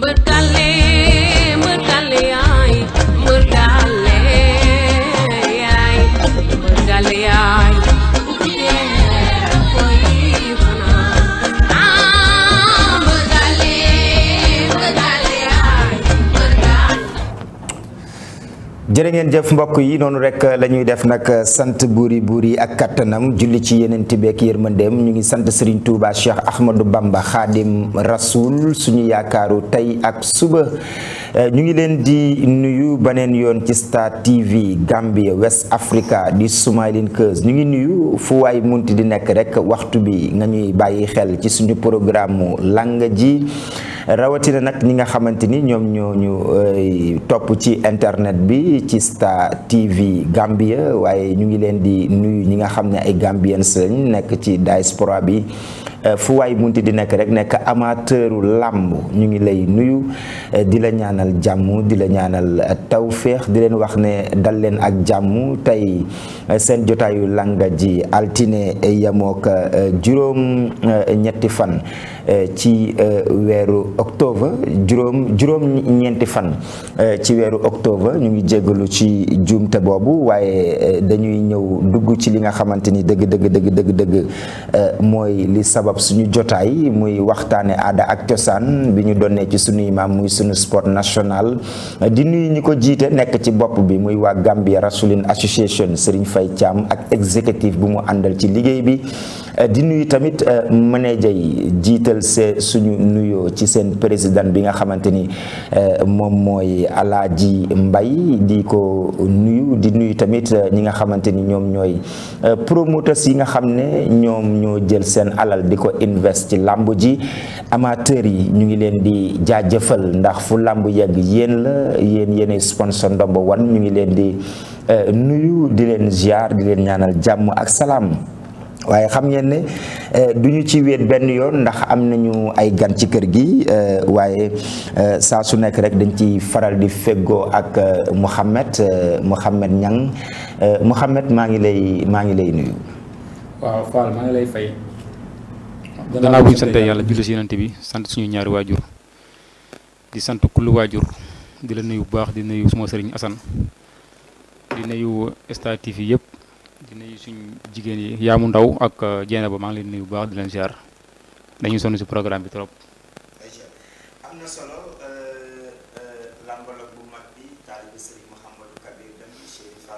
berkali jërë jëf mbokk yi noonu rek lañuy def nag sant buuri buuri ak kattanam julli ci yeneen tibeek yërmandeem ñu ngi sant Serigne Touba Cheikh Ahmadou Bamba Khadim Rasoul suñu yaakaaru tey ak suba. Eh, ñu ngi leen di nuyu baneen yoon ci Star TV Gambia West Africa di Smiling Coast ñu ngi nuyu fu waay munti di nekk rek waxtu bi nga ñuy bàyyi xel ci suñu programme lang ji rawatina nag ñi nga xamante ni ñoom ñoo ñu eh, topp ci internet bi ci Star TV Gambia waaye ñu ngi leen di nuyu ñi nga xam ne ay Gambians lañ nekk ci diaspora bi Euh, fu waay munti di nekk rek nekk amateuru làmb ñu ngi lay nuyu euh, di la ñaanal jàmm di la ñaanal euh, tawféex di leen wax ne dal leen ak jàmmu tey seen jotaayu langa ji altine yamook juróom ñetti fan Euh, ci euh, weeru octobre juróom juróom-ñeenti fan euh, ci weeru octobre ñu ngi jéggalu ci juumte boobu waaye dañuy ñëw dugg ci li nga xamante ni dëgg dëgg dëgg dëgg mooy li sabab suñu jotaay muy waxtaane aada ak cosaan bi ñu donnee ci suñuy maam muy suñu sport national di nuyu ñu ko jiite nekk ci bopp bi muy waa Gambia Wrestling Association Serigne fay Thiam ak exécutif bu mu àndal ci liggéey bi Euh, di nuyu tamit euh, manager yi jiital see suñu nuyoo ci seen président bi nga xamante ni euh, moom mooy ji Mbay di ko nuyu di nuyu tamit ñi nga xamante ni ñoom ñooy promoteurs yi nga xam ne ñoom ñoo jël seen alal di ko invest ci làmb ji amateurs yi ñu ngi leen di jaajëfal ndax fu làmb yegg yéen la yéen yéenay sponsor ndombo wan ñu ngi leen di nuyu di leen ziar di leen ñaanal jàmm ak salaam waaye xam ngeen ne eh, du ñu ci wéet benn yoon ndax am nañu ay gan ci kër gi eh, waaye eh, saa su nekk rek dañ ci faral di fegoo ak Mouhamed Mouhamed Niang Mouhamed maa ngi lay maa ngi lay nuyu. waaw Fall maa ngi lay fay. danaa bu sante yàlla julli si yonent bi sant suñu ñaari waajur di sant kullu waajur di la nuyu bu baax di nuyu suma sëriñ Assane di nuyu Star TV yëpp. di nuyu suñu jigéen yi Yaamu Ndaw ak Jeena euh, ba maa ngi leen nuyu bu baax du leen ziar dañu sonn si programme bi trop. am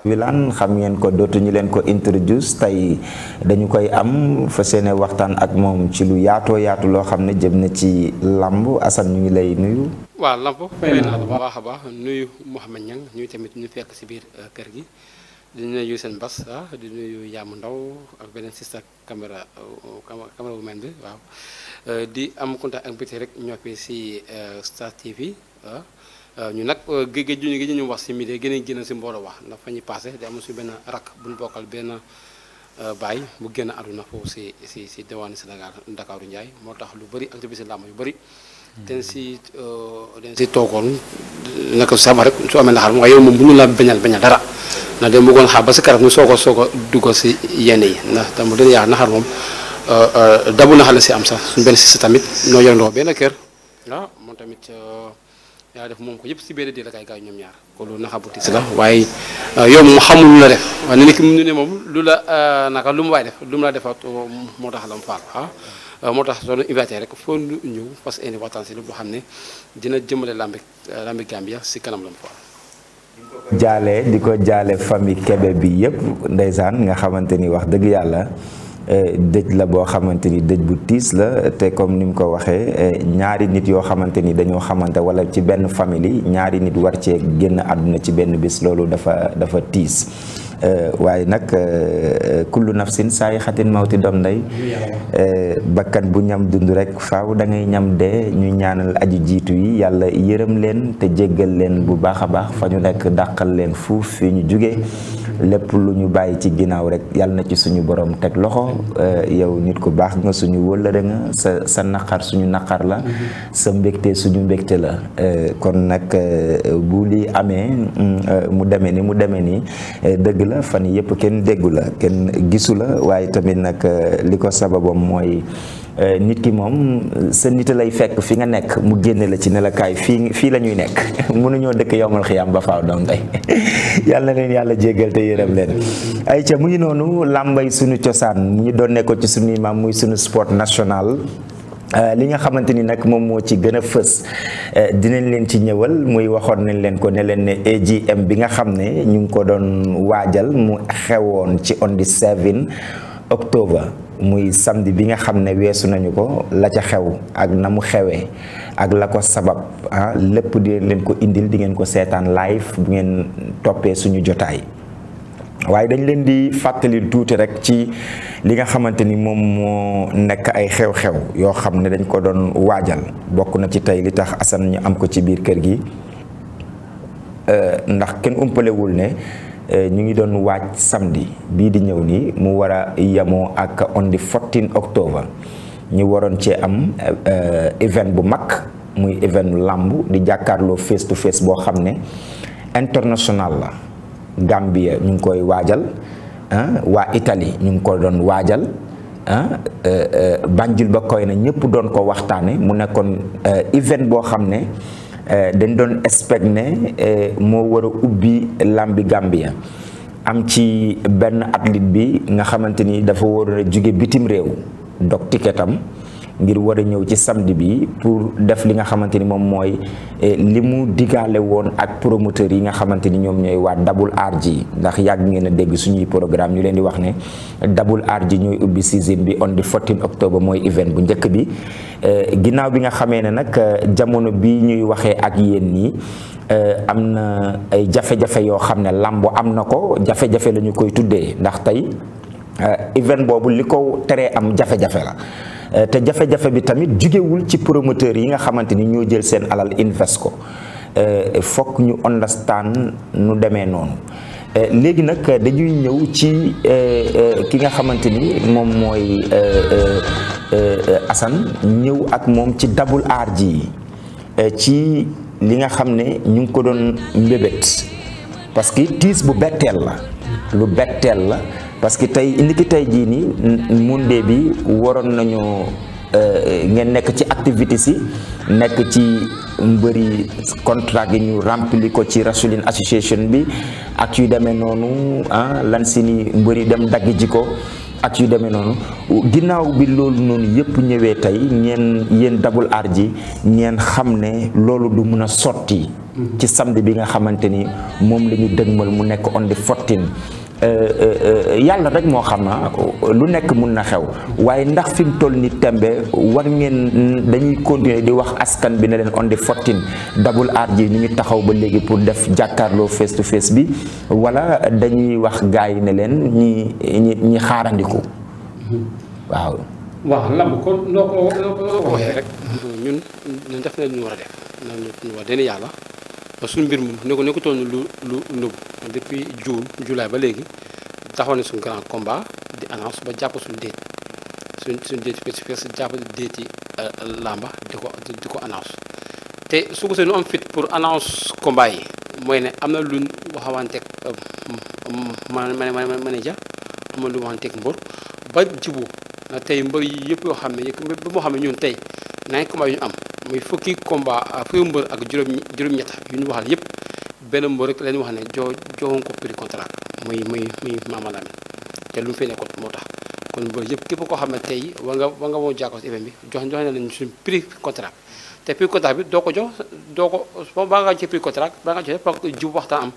euh, euh, xam ngeen ko dootuñu leen ko introduce tey dañu koy am fa seene waxtaan ak moom ci lu yaatoo yaatu loo xam ne jëm na ci lamb Assane ñu ngi lay nuyu. waaw lamb fay naa la baax a baax nuyu Mouhamed Niang ñuy tamit ñu fekk si biir kër gi. di yu seen bas ah di nuyu yàmm ndaw ak beneen sista caméra caméra bu mel bi waaw euh, di am contact ak rek ñoo si euh, Star TV ah. Euh, ñu nag géej gi ñu ñu wax si midi gën a génn si mbooloo wax ndax fa ñuy passé di am suñu benn rakk bu bokkal benn baay bu génn àdduna foofu si si si diwaanu Sénégal Ndakaaru Ndiaye moo tax lu bëri activité làmb yu bari den si euh, den si toogoon naka sama rek su amee naxar waaye yow moom mënu la bañal bañal dara ndax dem bëggoon xaar ba si karam mu soog a soog a dugg si yenn yi ndax tam dañu yaa naxar moom euh, euh, dabu naxar la si am sax suñu benn si sa tamit noo yorandoo benn kër ah, moom tamit yaa def moom yëpp si benn di la ñaar ko la waaye yow moom xamul lu la def waaye ne ni ki mu ne moom lu la naka lu mu waay def lu mu la defaat moo tax la mu faal ah. Euh, moo tax soo invité rek foo ñëw parce que indi waxtaan si lu boo xam ne dina jëmale lambi euh, lambi Gambia si kanam lam fool jaale di ko jaale famille Kébé bi yëpp ndeysaan nga xamante ni wax dëgg yàlla euh, dëj la boo xamante ni dëj bu tiis la te comme ni mu ko waxee ñaari nit yoo xamante ni dañoo xamante wala ci benn famille ñaari nit war cee génn àdduna ci benn bis loolu dafa dafa tiis Euh, waaye nag euh, euh, kullu nafsin saa yi xatin ti doom ndey bakkan bu ñam dund rek faaw da ngay ñam de ñu ñaanal aji jiitu yi yàlla yërëm leen te jéggal leen bu baax a baax fa ñu nekk dàqal leen fuuf fi ñu jóge lépp lu ñu bàyyi ci ginnaaw rek yàlla na ci suñu borom teg loxo euh, yow nit ku baax nga suñu wëllëre nga sa sa naqar suñu naqar la sa mbégte suñu mbégte la euh, kon nag euh, bu li amee mu demee ni mu demee nii dëgg la fan yëpp kenn déggu la kenn gisu la waaye tamit nag li ko sababam mooy Euh, nit ki moom sa nit lay fekk fi nga nekk mu génne la ci ne la fii fii la ñuy nekk mënuñoo dëkk yowmal xiyaam ba faaw doon tey yàlla na leen yàlla jéggal te yërëm leen. ay ca mu noonu làmbay suñu cosaan mu ñu doon nekkoon ci suñuy imam muy suñu sport national. Euh, li nga xamante ni nag moom moo ci gën a fës euh, dinañ leen ci ñëwal muy waxoon nañ leen ko ne leen ne AGM bi nga xam ne ñu ngi ko doon waajal mu xewoon ci on seven octobre muy samedi bi nga xam ne weesu nañu ko la ca xew ak na mu xewee ak la ko sabab ah lépp di ngeen leen ko indil di ngeen ko seetaan live bu ngeen toppee suñu jotaay waaye dañ leen di fàttali tuuti rek ci li nga xamante ni moom moo nekk ay xew-xew yoo xam ne dañ ko doon waajal bokk na ci tey li tax Assane ñu am ko ci biir kër gi euh, ndax kenn umpalewul ne Eh, ñu ngi doon waaj samdi bii di ñëw nii mu war a yemoo ak on the 14 octobre ñu waroon cee am eh, event bu mag muy event làmb di jàkkaarloo face to face boo xam ne international la Gambia ñu ngi koy waajal ah, waa Italie ñu ngi ko doon waajal ah, eh, Banjul ba koy na ñëpp doon ko waxtaane mu nekkoon event boo xam ne Eh, dañ doon expect ne eh, moo war a ubbi làmbi Gambia am ci benn athlète bi nga xamante ni dafa war a jóge bitim réew dog ticketam ngir war a ñëw ci samd bi pour def li nga xamante ni moom mooy eh, li mu digaale woon ak promoteurs yi nga xamante ni ñoom ñooy waa Double RG ndax yàgg ngeen a dégg suñuy programme ñu leen di wax ne Double RG ñooy ubbi season bi on the 14 octobre mooy event bu njëkk bi eh, ginnaaw bi nga xamee ne nag eh, jamono bi ñuy waxee ak yéen nii am na ay jafe-jafe yoo xam ne làmb am na ko jafe-jafe la ñu koy tuddee ndax tey Euh, event boobu li ko teree am jafe-jafe la euh, te jafe-jafe bi tamit jugewul ci promoteur yi nga xamante ni ñoo jël seen alal invest ko euh, fokk ñu understand nu demee noonu léegi nag dañuy ñëw ci ki nga xamante ni moom mooy Assane ñëw ak moom ci Double RG ji ci li nga xam ne ñu ngi ko doon mbébét parce que tiis bu betteel la lu betteel la parce que tey ni ki tey jii nii Moundé bi waroon nañu euh, ngeen nekk ci activité si nekk ci mbëri contrat gi ñu rempli ko ci Rasuline association bi ak yu demee noonu ah lan si ni mbëri dem dagg ji ko ak yu demee noonu ginnaaw bi loolu noonu yëpp ñëwee tey ñeen Dabul Aar ji ñeen xam ne loolu du mun a sotti ci samedi bi nga xamante ni moom la ñu dëgmal mu nekk on the 14 Euh, euh, euh, yàlla rek moo xam na ah, lu nekk mun na xew waaye ndax fi mu toll ni tembe war ngeen dañuy continuer di wax askan bi ne leen on the fourteen Double R ñu ngi taxaw ba léegi pour def jàkkaarloo face to face bi wala dañuy wax gaa yi ne leen ñi ñi ñi xaarandiku waaw waaw lamb kon noo ko noo ko waxee rek ñun def nañ ñu war a def na ñu war a deni yàlla parce que suñu mbir moom ne ko nekkutoon lu lu nëbb depuis juin juillet ba léegi taxaw na suñ grand combat di annonce ba jàpp suñ déet suñ suñu déet spécifique si jàpp déeti euh, làmba di ko di ko annonce te su ko see nu am fit pour annonce combat yi mooy ne am na lu waxawante euh, ma ma ma manager amoon lu mu ba jibu na tey mbër yi yëpp yoo xam ne yëpp ba moo xam ne ñun tey naa combat am muy fukki combat fukki mbër ak juróom juróom yu ñu waxal yëpp benn mbër rek la wax joo joxoon ko prix muy muy muy Mama Lamine te mu fee nekkoon moo tax kon mbër yëpp képp koo xam ne tey war nga war nga woo jàkkoo si event bi jox jox nañu suñ prix contrat te prix contrat bi doo ko jox doo ko ba nga ci prix contrat ba nga joxe foog jiw waxtaan am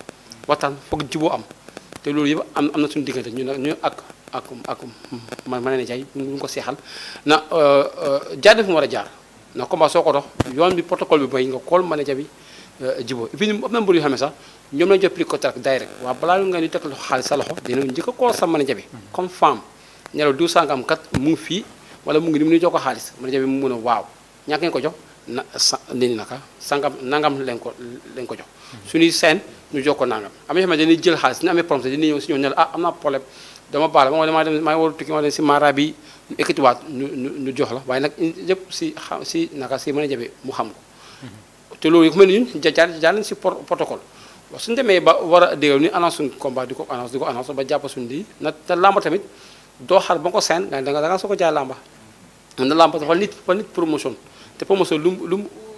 waxtaan foog jiboo am te loolu yëpp am am na suñu diggante ñu nag ñu ak ak ak man ma ne jaay ñu ko seexal na euh, euh, jaar def mu jaar na combat soo ko dox yoon bi protocole bi bay nga kool manager bi euh, jibo et puis am na yoo xam ne sax ñoom lañ jot pli contact direct waaw balaa nga ñu teg loxo xaalis sa loxo dina njëkk a kool sa manager femme ñelaw du mu fii wala mu ngi ni mu jox ko xaalis manager bi mu mën a waaw ñàkk ngeen ko jox na sa nini naka sàngam nangam leen ko leen ko jox hmm. suñuy seen ñu jokkoo nangam am na yoo xam ne dañuy jël xaalis suñu amee problème dañuy ñëw si ñëw ne la ah am naa problème dama baal ma damaa dem maa ngi war a tukki ma dem si jox la waaye nag yëpp si xam si naka si mën a jabe mu xam ko mhm. te loolu yu mel ni ñun jaar jaar nañ si a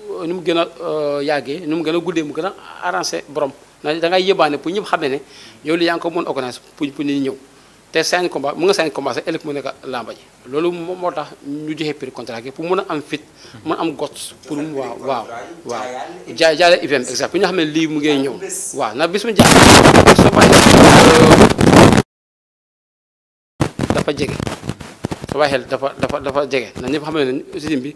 na nu mu gën a euh, yàggee nu mu gën a guddee mu gën a arrangé borom da ngay yëbaane pour ñëpp xam ne ne yow li yaa ngi ko mën organise pour pour nit ñëw te seen combat mu nga seen combat sax ëllëg mu nekk làmba ji loolu moo tax ñu joxe prix contrat gi pour mën a am fit mën a am got pour waaw waaw waaw jaay jaale IBM exemple bi nga xam ne lii mu ngay ñëw waaw ndax bis mu jaar soo bàyyi dafa xel dafa dafa dafa jege ndax ñëpp xam ne ne bi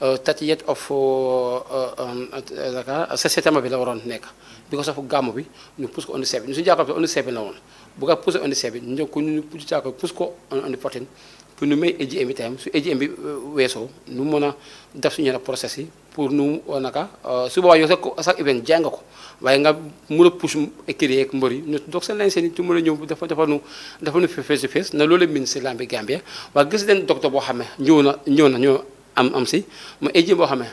Euh, thirtieth of euh, euh, um, septembre bi la waroon nekk bi ko safu gàmmu bi ñu pousse ko on the seven ñu suñu jàkkaarloo on the seven la woon bu ko pousse on the seven ñu pour ñu may AGM bi tam su AGM bi weesoo nu mën a def suñu yenn process yi pour nu naka su boobaa yow sax sax event jàng ko waaye nga mën a pousse écrits yeeg mbër yi ñu doog seen lañ seen i ci mën a ñëw dafa dafa nu dafa nu face to face na loolu la min si lambi Gambia waaye gis leen docteur boo xam ne ñëw na ñëw na ñëw am am si mu eji boo xam ne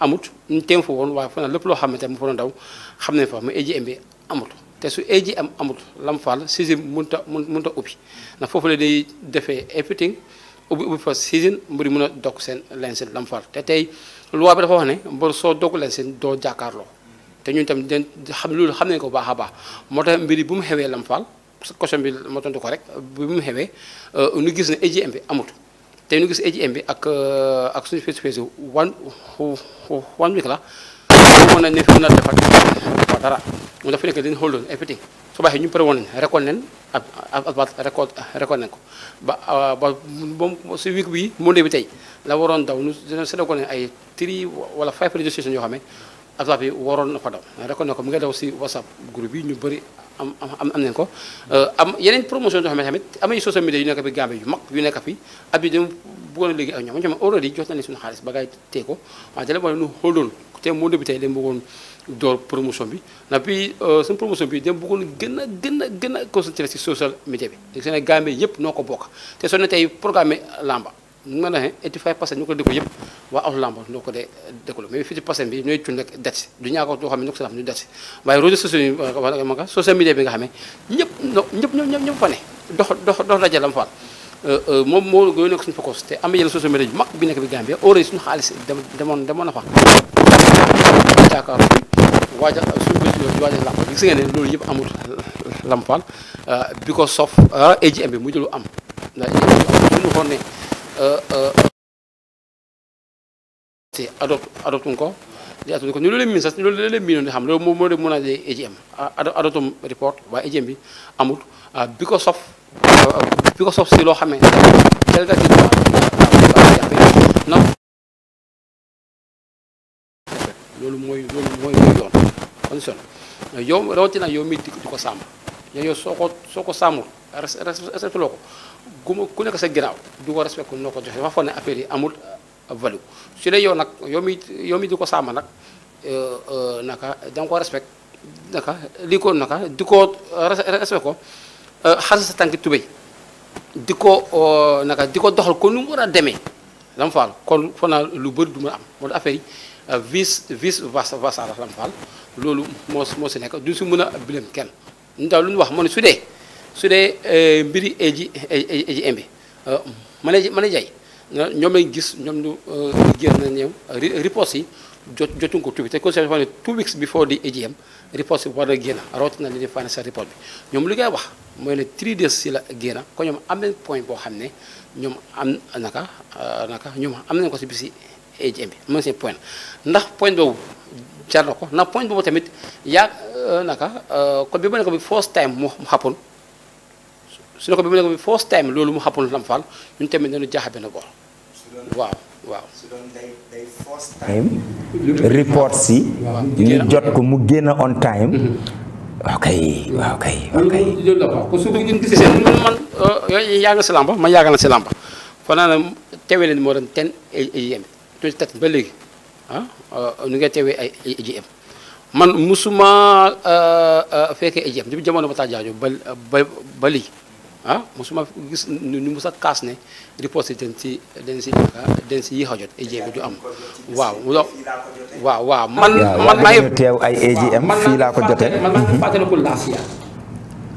amut ñu teem fa woon waaye fa lépp loo xam ne tamit mu fa doon daw xam ne fa mu eji em te su eji am amut lam faal saisine mënut a mënut a ubbi ndax foofu la day defee everything ubbi ubbi fa saisine mbir mun a dog seen lensin lam faal te tey loi bi dafa wax ne mbir soo dog lensin doo jàkkaarloo te ñun tamit den xam loolu xam nañ ko baax a baax moo tax mbir bu mu xewee lam faal question bi ma tontu ko rek bu mu xewee euh, ñu gis ne eji em bi amut. tey ñu gis AGM bi ak euh, ak suñu spécification one one week la mën nañ ne fi mën a defar waaw dara mu dafa nekk dañu xooloon everything su baaxee ñu pare woon nañ récolte nañ ak ak récolte récolte nañ ko ba euh, ba moom si week bi monde bi tey la waroon daw ñu dina séddoo ko ne ay 3 wala 5 législation yoo xam ne Absa bi waroon na ko daw rek ne ko mu ngi daw si whatsapp groupe yi ñu bëri am am am ko euh, am yeneen promotion doo xam ne tamit am ay social media yu nekk fi Gambie yu mag yu nekk fi ab yi dem bëggoon a ak ñoom ñoom already jox nañu suñu xaalis ba gaay tee ko waaye dale wala nu xooloon te moo début tey dem bëggoon door promotion bi na puis euh, suñu promotion bi dem bëggoon gën a gën a gën a si social media bi léegi seen Gambie yëpp noo ko bokk te soo ne tey programme lamba mu ne eighty five percent ñu ko déglu yëpp waa aw lamb ñoo ko dee déglu mais fifty percent bi ñooy cun rek det du ñaako ko si euh, xam ne ñëpp ñëpp ñëpp ñëpp fa ne dox euh, euh, moo gën nekk suñu focus te am yenn social media yu mag bi nekk bi Gambia oré suñu xaalis demoon demoon na loolu yëpp amul lam faal because of AGM bi mu jëlu am ndax ñu xool ne Euh, euh, adopte adopte ko di adopte ko ñu loolu leen miin sax loolu loolu loolu moo de mën a ah, de adoptum report waaye AGM bi amul ah, bi ko sof ah, bi ko sof si loo xamee jalgati na loolu mooy loolu mooy mooy yoon condition yow rawatina yow mi di ko sàmm yow yow soo ko soo ko sàmmul respecté loo ko gu ma ku nekk sa ginnaaw di ko respecté noo ko joxe wax fa ne affaire yi amul euh, valeur su dee yow nag yow mi yow mi di ko sàmm nag euh, euh, naka da nga ko respect naka li ko naka di ko respect ko xas sa tànk tubéy di ko naka di ko doxal kon nu mu war a demee lam faal kon fa lu bëri du mën am moo tax affaire yi vice vice vas vasa lam faal loolu moo si nekk du si mën a bileem kenn ñu daal lu ñu wax moo ne su dee su dee eh, mbiri eji eji embi mën a mën a ñoom lay gis ñoom ñu euh, génn ñëw riposte yi jot jotuñ ko tubi te bi ne two weeks before di AGM riposte bi war na génn rawatina report bi ñoom li ngay wax mooy ne three days si la génn ko ñoom am nañ point boo xam ne ñoom am naka euh, naka ñoom am nañ ko si bisi AGM bi am nañ seen point ndax point boobu ko ndax boobu tamit yaa euh, naka kon bi ma ne ko bi first time mu xapoon su ne ko bi mu ne first time loolu mu xappul lamfal ñun tamit nañu jaaxa benn goor waaw waaw report si ñu jot ko mu génn on time waaw kay waaw kay waaw yaa nga si làmba man euh, yaaga na si làmba fanaan teewee leen moo doon ten AGM ah, euh, man musuma euh, fekkee AGM depuis jamono ba tàjjaajo ba ba lii ah mosuma gis ñu mos a kaas ne riposte yi dañ si dañ si dañ si yéex a jot AGM bi du am waaw. waaw waaw man man maa ngi teew ay AGM fii laa ko jotee man maa ngi mhm. fàttaliku Lasia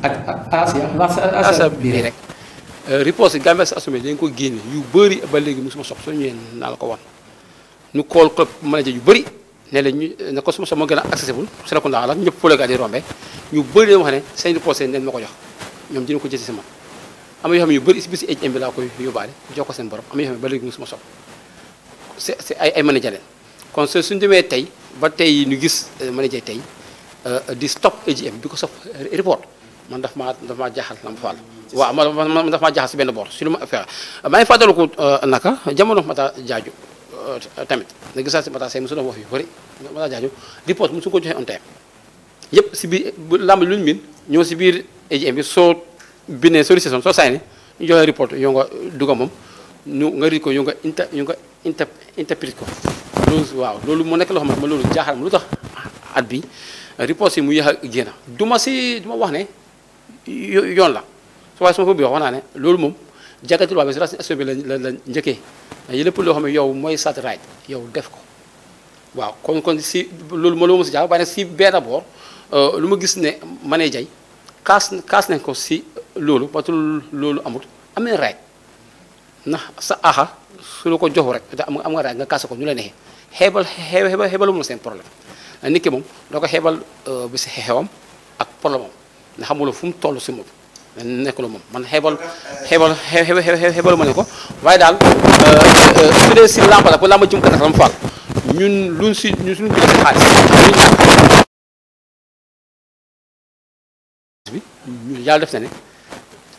ak Asia Asia bii rek. Euh, riposte yi Gambian Talents Assembly dañ ko génne yu bëri ba léegi mosuma sox soo ñëwee naa la ko wan ñu kool club manager yu bëri ne la ñu ne ko suma sox moo gën a accessible Serekunda la ñëpp fële gaa di rombe ñu bëri leen wax ne seen riposte yi nañ ma ko jox. ñoom dina ko jësi si man am na yoo yu bëri si biir si éj bi laa koy yóbbaale jox ko seen borom am na yoo xam ne ba léegi mosuma sopp c'est c'est ay ay manager leen kon su suñu demee tey ba tey ñu gis euh, manager tey euh, di stop AGM bi ko sof euh, report man daf maa daf maa jaaxal Lamba Fall waaw man daf maa jaaxal benn boor si lu ma fexe maa ngi fàttaliku naka jamono Mata Jaaju tamit nga gisaa si Mata Seye mosu doon wax yu bëri Mata Jaaju report mosu ko joxee on time yëpp si biir bu làmb lu ñu min ñoo si biir AGM bi soo bindee sollicitation soo signé ñu joxe report yoo nga dugga moom ñu nga ri ko yoo nga inter yoo nga inter ko loolu waaw loolu mu nekk loo ma loolu jaaxal lu tax at bi report yi mu yéex a du ma si ma wax ne yoon la su ko bi naa loolu moom jàkkatul waa la la la njëkkee loo xam ne yow mooy sat yow def ko waaw kon kon si loolu moo la ma si jaaxal waaye nag si benn boor Euh, lu ma gis ne Mané jay kaas kaas nañ ko si loolu batul loolu amul am na sa aaxa su la ko joxu rek am am nga raay nga kaasa ko ñu la neexee xeebal xeebal xeebalu moom seen problème nit ki doo ko xeebal euh, bi si xewam ak problème am nga xamuloo fu mu toll si moom nekk la moom man xeebal xeebal xeebalu ma ne ko waaye daal euh, su dee si làmb la yàlla def na ne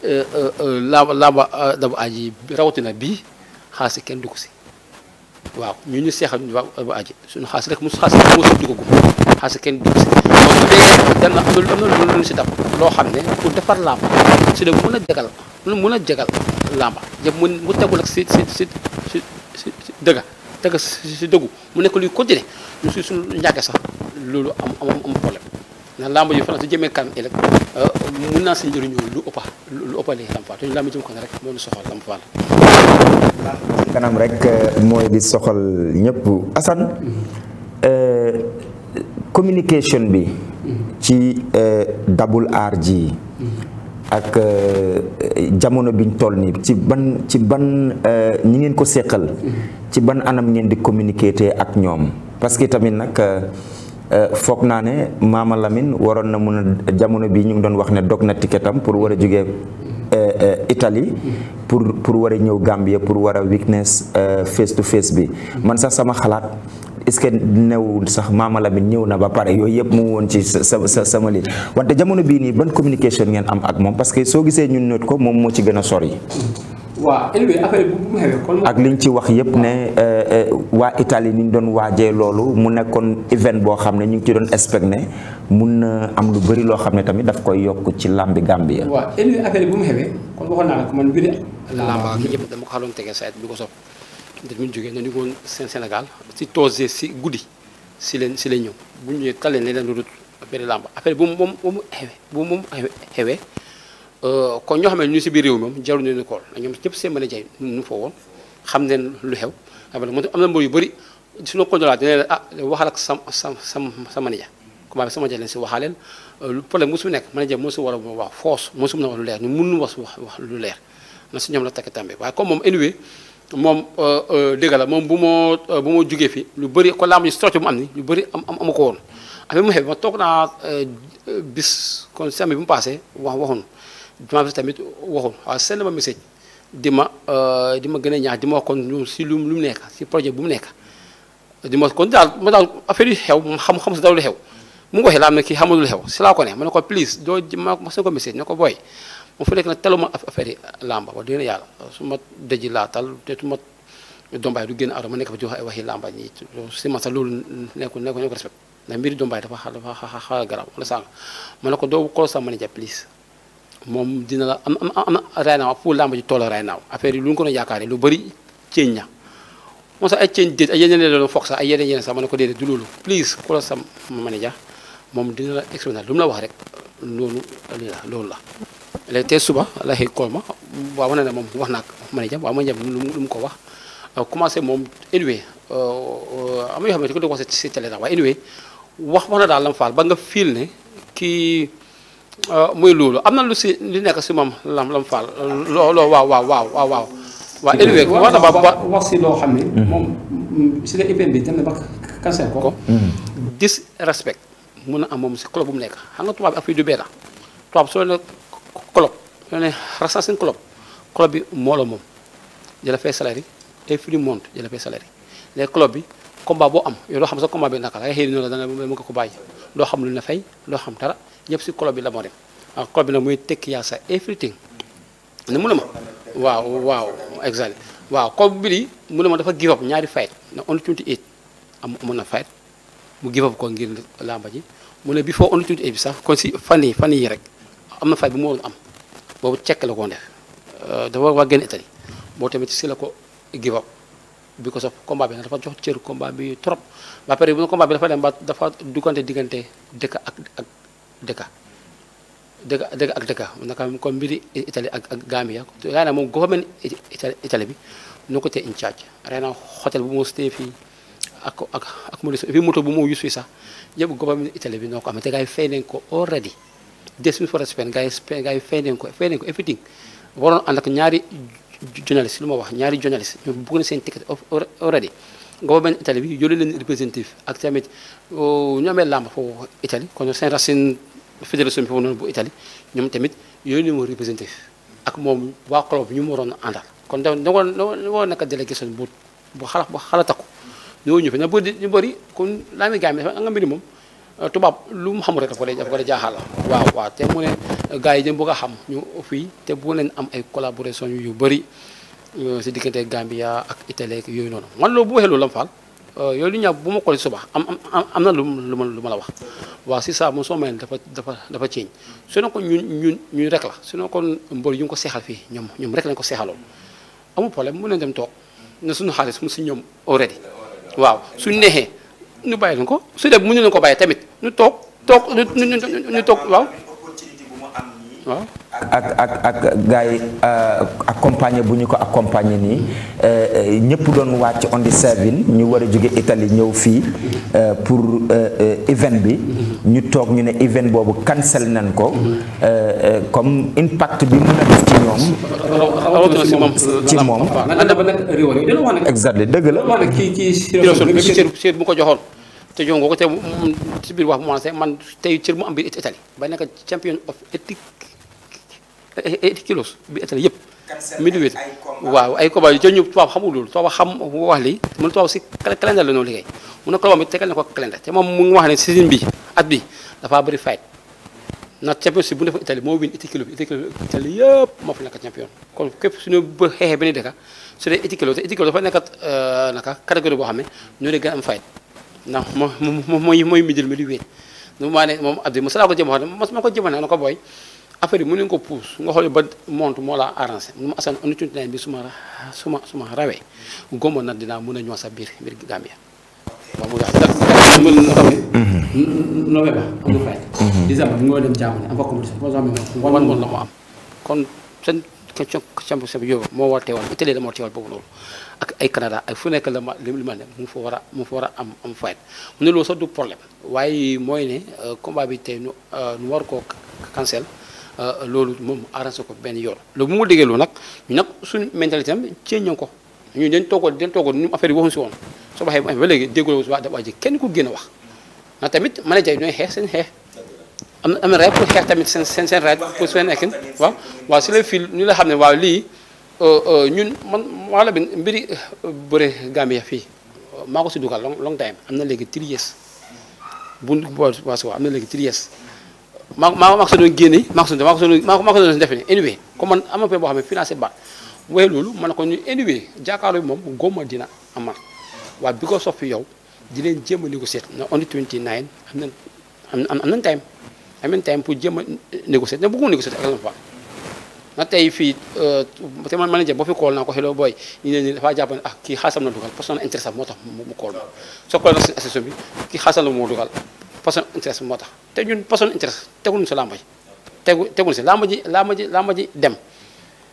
euh, euh, euh, laaba dabu aji rawatina bii xaalis kenn dugg si waaw ñu ñu seexal ñu waaw dabu aji suñu xaalis rek mosu xaalis rek mosu dugg xaalis kenn dugg si donc na am lu ñu loo xam ne pour defar lamba si la mën a jagal mën a jagal lamba yëpp mu mu tegul ak si si si si si dëgg si dëggu mu nekk luy continuer ñu si suñu njàggee sax loolu am am am problème. ndax làmb ji France du jëmee kanam ëllëg euh, mun naa si njëriñu lu ëppa lu ëppa lii Lamp Fall te ñu làmb jëm kanam rek rek euh, mooy di soxal ñëpp Assane mm-hmm. euh, communication bi mm-hmm. ci Dabul Aar ji mm-hmm. ak jamono biñ toll nii ci ban ci ban ñi ngeen ko seqal ci ban anam ngeen di communiquer ak ñoom parce que tamit nag Euh, foog naa ne Maama waroon na mun a jamono bii ñu ngi doon wax ne dog na ticketam pour war a jugee euh, euh, Italie pour pour war a ñëw Gambia pour war a witness face to face bi man sax sama xalaat est-ce que newul sax Maama Lamine ñëw na ba pare yooyu yëpp mu woon ci sa sa sama lii wante jamono bii nii ban communication ngeen am ak moom parce que soo gisee ñun noot ko moom moo ci gën a sori. waaw anyway affaire bu bu xewee kon. ak liñ ci wax yëpp ne euh, euh, waa Italie ni ñu doon waajee loolu mu nekkoon event boo xam ne ñu ngi ci doon expect ne mun na am lu bëri loo xam ne tamit daf koy yokk ci làmbi Gambia. waaw anyway affaire bu mu xewee kon waxoon naa la man mbiri làmba ak yëpp ñu jógee nañu si toosee si guddi si leen si leen ñëw bu ñu leen lu dul affaire làmba mu moom xewee bu mu xewee. Euh, kon ñoo xam ne ñu si biir réew moom jarul ñu kool ñoom ñëpp seen mën a jaay nu fa woon xam neen lu xew xam ne am na mbir yu bëri suñu kondola dina leen ah waxal ak sa sa sa sa manager commencé sama ja leen si waxaaleel euh, lu problème musu nekk manager moo si war a wax force moo si mën a wax lu leer ñu mënu wax wax lu leer na si ñoom la takk tàmbe waaye comme moom anyway moom euh, dégg la moom bu moo bu moo jugee fi lu bëri ko laa mu structure mu am ni lu bari am am am ko woon affaire mu xew ma toog naa bis kon semaine bi mu passé wax waxoon jumaa bi tamit waxul waaw ma message di ma euh, di ma gën a ñaax di ma wax kon si lu lu mu nekk si projet bu mu nekk di kon daal ma daal affaire yu xew moom xam xam si daw lu xew mu ngi waxee kii xamul lu xew si ko ne ma ne ko please doo ma ma seen ko message ne ko booy mu fi nekk nag talu ma affaire yi làmba wax dëgg yàlla su ma dëji laa tal te su ma dombaay du génn aadama ma nekk fa di wax ay waxi làmba ñi si man sax loolu nekku nekku nekku respect ndax mbiri dombaay dafa dafa sànq ma ne ko doo ko sama ne ja please moom dina la am am am Raynaaw pour làmb ji toll Raynaaw affaire yi lu ñu ko doon yaakaaree lu bëri ceeñ ña moom sax ay ceeñ déet ay yeneen la doon foog sax ay yeneen yeneen sax ma ne ko loolu la moom dina la expliqué lu la wax rek loolu la loolu la. suba la xëy kool ma waaw ma ne moom wax naa ko manager waaw lu lu ko wax euh, commencé moom anyway euh, euh, am na yoo xam ne ko doon wax si télé waaye anyway wax wax na daal lam faal ba nga fiil ne kii. Euh, muy loolu am na lu si li nekk si moom lam lam faal euh, loo loo waaw waaw waaw waaw waaw. waaw élevé wax dama wax si loo xam ne. Hmm. moom si la IPM bi dem na ba cancer ko. Hmm. dis respect mun a am moom si club bu mu nekk xam nga tubaab bi ak fii du benn tubaab soo ne club soo ne rasa seen club club bi moo la moom jëla fay salaire every month jëla fay salaire léegi club bi combat boo am yow doo xam sa combat bi naka la nga xëy na la dana mën nga ko bàyyi doo xam lu ne fay doo xam dara. yëpp si kolo bi la moo dem waaw kolo bi nag muy tekki yaa sa everything ne mu ne ma waaw waaw exactly waaw kolo bi li mu ne ma dafa give up ñaari fight na only twenty eight am na fight mu give up ko ngir làmba ji mu ne before only twenty eight bi sax kon si fan yi fan yi rek am na fight bu mu waroon am boobu cekk la ko def euh, dafa war génn Italie boo tamit si la ko give up bi ko sof combat bi nag dafa jox cër combat bi trop ba pare bu combat bi dafa duggante diggante dëkk dëkka dëkka dëkka ak dëkka naka comme mbiri Italie ak ak Gambia rayna moom government Italie bi no ko te in charge rayna hôtel bu moo stay fii ak ak ak mu moto bu moo use fii sax yëpp government Italie bi noo ko amee te gars fay nañ ko already des mille for spend gars yi gars yi fay nañ ko fay nañ ko everything waroon ànd ak ñaari journaliste lu ma wax ñaari journaliste ñoom bëgg na seen ticket already government Italie bi yónnee leen représentative ak ñoomee làmb foofu Italie kon seen racine fédération bi foofu noonu bu Italie ñoom tamit yooyu ni moo représenté ak moom waa club bi ñu mu waroon àndal kon da da woon naka délégation bu bu xala bu xalataku ñoo ñu fi na bëri ñu bëri kon laa mi gaa mi mbiri moom euh, tubaab lu mu xamul rek daf ko def ko jaaxal waaw te mu ne gars yi dañ bëgg a xam ñu fi te bu leen am ay collaboration yu bëri euh, si diggante Gambia ak Italie yooyu noonu man loolu bu waxee loolu la faal yooyu lu ñaaw bu ma xoolee suba am am am na lu lu ma lu ma la wax waa si saa moom soo mayee dafa dafa dafa ceeñ su ne ko ñun ñun ñu rek la su ne kon mbër yu ngi ko seexal fii ñoom ñoom rek lañ ko seexaloo amul problème mun nañ dem toog ne suñu xaalis mu si ñoom already waaw suñ neexee nu bàyyi leen ko su mu mënu ne ko bàyyi tamit ñu toog toog ñu ñu ñu toog waaw ak ak ak gars yi euh, accompagné bu ñu ko accompagné nii euh, ñëpp doon wàcc on the seven ñu war a jóge Italie ñëw fii euh, pour event bi ñu toog ñu ne event boobu cancel nañ ko comme impact bi mën a def ci ñoom ci moom exactly dëgg la ci ko joxoon te jox biir wax mu man tey cër mu am ay eh, eh, kilos bi étalé yëpp. midiwit waaw ay combat yu ca ñu tubaab xamul loolu tubaab xam wax li mun tubaab si calendrier la ñu liggéey mun na kolom bi tegal na ko calendrier te moom mu ngi wax ne saison bi at bi dafaa bëri fight ndax champion si bu ne defoon Italie moo win étikilo bi étikilo Italie yëpp moo fa nekk champion kon képp suñu ba xeexee benn dëkk su dee étikilo te étikilo dafa nekkat euh, naka catégorie boo xam ne ñoo dee gën a am fight ndax moo mooy mooy midil mi n wéet nu ko jëm wax ne mas affaire yi mënuñ ko pousse nga xool ba monte moo laa arrangé mu ma asan unituntinae bi suma suma suma rawee gomba nag dinaa mën a ñoo sa biir biir Gambia waaw mu nowe ba amul fay dem jàmm ne am fa compétition mhm. programme moo war teewal Italie la moo teewal boobu loolu ak ay Canada ak fu nekk la ma li ma ne mu fa war a mu fa war a am am fayet mu ne loolu sax du problème waaye mooy ne euh, combat bi tey nu euh, war koo cancel Euh, loolu moom arrangé ko benn yoon loolu bu mu déggee loolu nag ñu nag suñu mentalité am cee ñëw ko ñu dañ toogoon dañ toogoon ñu affaire yi waxuñu si woon soo waxee bu amee ba léegi dégguloo si kenn ku génn wax na tamit manager yi xeex seen xeex am na am xeex tamit seen seen seen raay pour seen nekkin waaw waaw si la fii ñu la xam ne waaw lii euh, euh, ñun man wala bi mbiri bëre Gambia fii maa ko si dugal long time am na léegi three years bu waa am na léegi three years maa maa maa ko doon génne maa ko maa ko maa ko doon def ne anyway comme man am na boo xam ne financé baax mu waxee loolu man na ko ñu anyway jàkkaarloo bi moom góoma dina amal waaye bi ko soppi yow di leen jéem a négocier na on est 29 am nañ am am nañ time am nañ time pour jéem a négocier te bëgguma négocier ak fois na tey fii euh, te man manager boo fi kool naa ko hello boy ñu ne nii dafaa jàpp ne ah kii xaasam la dugal parce que intéressant moo tax mu kool ma soo kool na association bi kii xaasam la moo dugal personal interest moo tax te ñun personal interest teguñu si làmb ji tegu teguñu si làmb ji laa ji làmb ji dem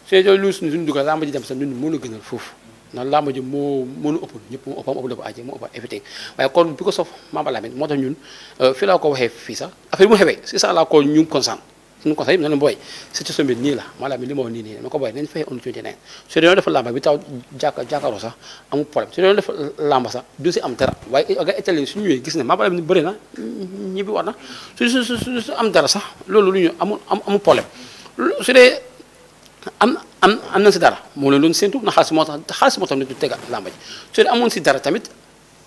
su dee lu suñu suñu dugal làmb ji la gënal foofu noonu làmb ji moo mënu ëpp ñëpp mu ëppam ëpp dafa aji mu ëpp everything waaye kon bi ko sof Mama Lamine moo tax ñun euh, fii laa ko waxee fii sax affaire mu xewee si sax laa ko ñu ngi suñu conseil bi ne leen booy situation bi nii la maanaam li ma wax nii nii ma ko booy nañ fexe unité nekk su dee dafa làmba bi taw jàkka jàkkaaroo sax amul problème su dee dafa làmba du si am dara waaye ga étal yi suñu gis ne maanaam bëri na ñibbi war na su su su am dara sax loolu lu ñu amul amul problème su dee am am am nañ si dara moo leen doon séntu na xaalis moo tax xaalis moo tax nit du tega làmba ji su dee amoon si dara tamit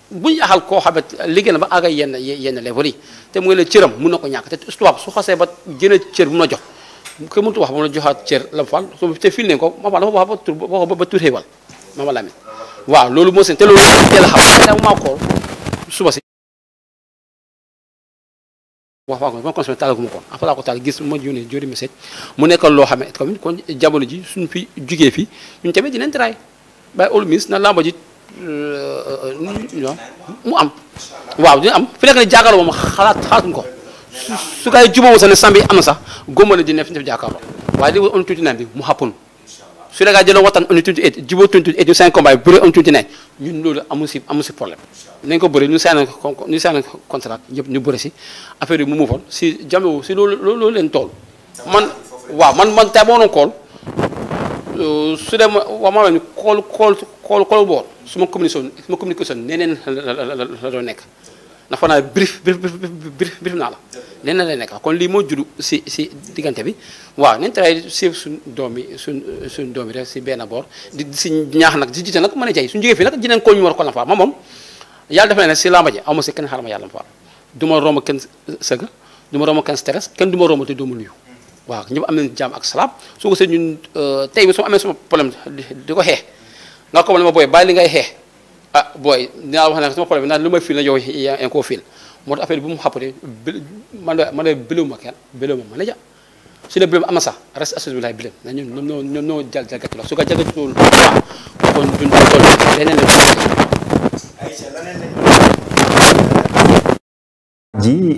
bu ñu yaxal koo xamante liggéey na ba àgg yenn yenn level yi te la cëram mun na ko ñàkk te tubaab su xasee ba gën a cër mun a jox ke mënut la joxaat cër ko mama dafa ba tur ba ba tur waaw loolu moo seen te loolu teel a ko suba si ko ma consommé gis ma yónnee jóori message loo xam ne comme kon jamono ji suñ fi jugee fi ñun tamit dinañ tray bàyyi all miss na làmba Euh, euh, euh, mu am waaw dina am fi nekk ne jàkkaarloo moom xalaat xalaatuñ ko su kay jubóo sax ne sambi am na sax góob na dina fi def jàkkaarloo waaye li on tuuti bi mu xàppoon su la gaa jëloon waxtaan on tuuti et jubóo tuuti et ñu seen combat yi bëri on loolu amul si amul si problème nañ ko bëri nu seen ñu seen contrat ñëpp ñu bëri si affaire yi mu mu si jamono si loolu loolu leen tool man waaw man man tey moo doon kool su dee ma wax ma kool kool kool kool boor. su ma communication su ma communication neneen la doon nekk na foog naa brief brief brief brief naa la leneen la nekk kon lii moo juddu si si diggante bi waaw nañ traité si suñ doom yi suñ suñ doom yi rek si benn boor di si ñaax nag si jiite nag mën a jay suñ jógee fii nag jineen koo ñu war ko la faar ma moom yàlla def na ne si kenn ma faar du ma romb kenn sëgg du ma romb kenn kenn du ma romb te doomu nuyu waaw ñëpp am nañ jàmm ak salaam su ko see ñun euh, tey bi su ma amee suma problème di ko xee nga ko ma ne ma booy bàyyi li ngay xeex ah booy dinaa wax ne sama problème naan lu may fil na yow yaa ngi koo fil moo tax affaire bi bu mu xappati man man de bëlewu ma kenn bëlewu ma manager su dee bëlewu am na sax reste assubilay bëlew na ñun ñoom ñoo ñoom ñoo jag jagatu la su ko jagatuwul waaw ah, kon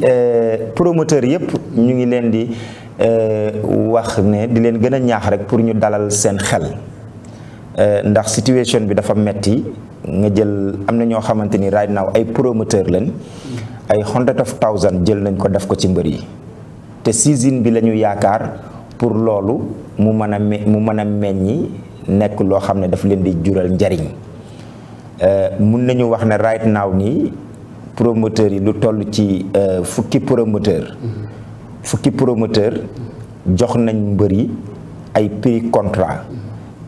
euh, promoteur yëpp ñu ngi leen di euh, wax ne di leen gën a ñaax rek pour ñu dalal seen xel. Euh, ndax situation bi dafa metti nga jël am na ñoo xamante ni right now ay promoteur lañ ay hundred of thousand jël nañ ko def ko ci mbër yi te season bi la ñu yaakaar pour loolu mu mën a mu mën a meññi nekk loo xam ne daf leen di jural njariñ euh, mun nañu wax ne right now nii promoteurs yi lu toll ci euh, fukki promoteur fukki promoteur jox nañ mbër yi ay prix contrat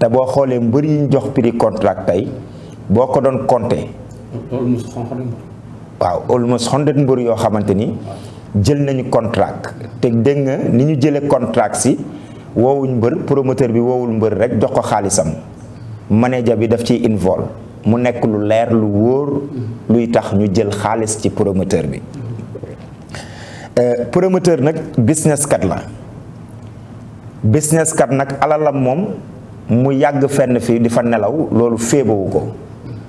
te boo xoolee mbër yi ñu jox prix contract tey boo ko doon compter. waaw almost hundred mbër yoo xamante ni jël nañu contract te dégg nga ni ñu jëlee contract si woowuñ mbër promoteur bi woowul mbër rek jox ko xaalisam manager bi daf ciy involve mu nekk lu leer lu wóor luy tax ñu jël xaalis ci promoteur bi euh, promoteur nag business kat la business kat nag alalam moom mu yàgg fenn fii di fa nelaw loolu féebawu ko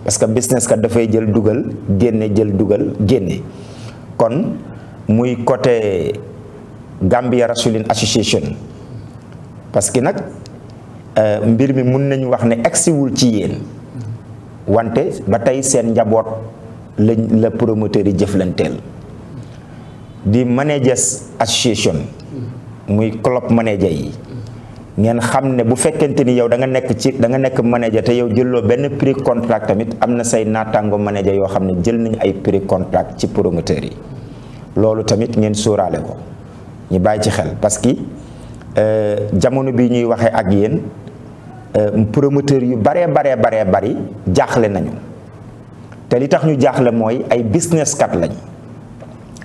parce que business kat dafay jël dugal génne jël dugal génne kon muy côté Gambia Rasulin Association parce que nag euh, mbir mi mun nañu wax ne egsiwul ci yéen wante ba tey seen njaboot lañ la promoteur yi jëflanteel di managers association muy club manager yi ngeen xam ne bu fekkente ni yow da nga nekk ci da nga nekk manager te yow jëlloo benn prix contract tamit am na say naataango manager yoo xam ne jël nañu ay prix contract ci promoteur yi loolu tamit ngeen sóoraale ko ñu bàyyi ci xel parce que euh, jamono bi ñuy waxee ak yéen euh, promoteur yu baree baree baree bari jaaxle nañu te li tax ñu jaaxle mooy ay business kat lañ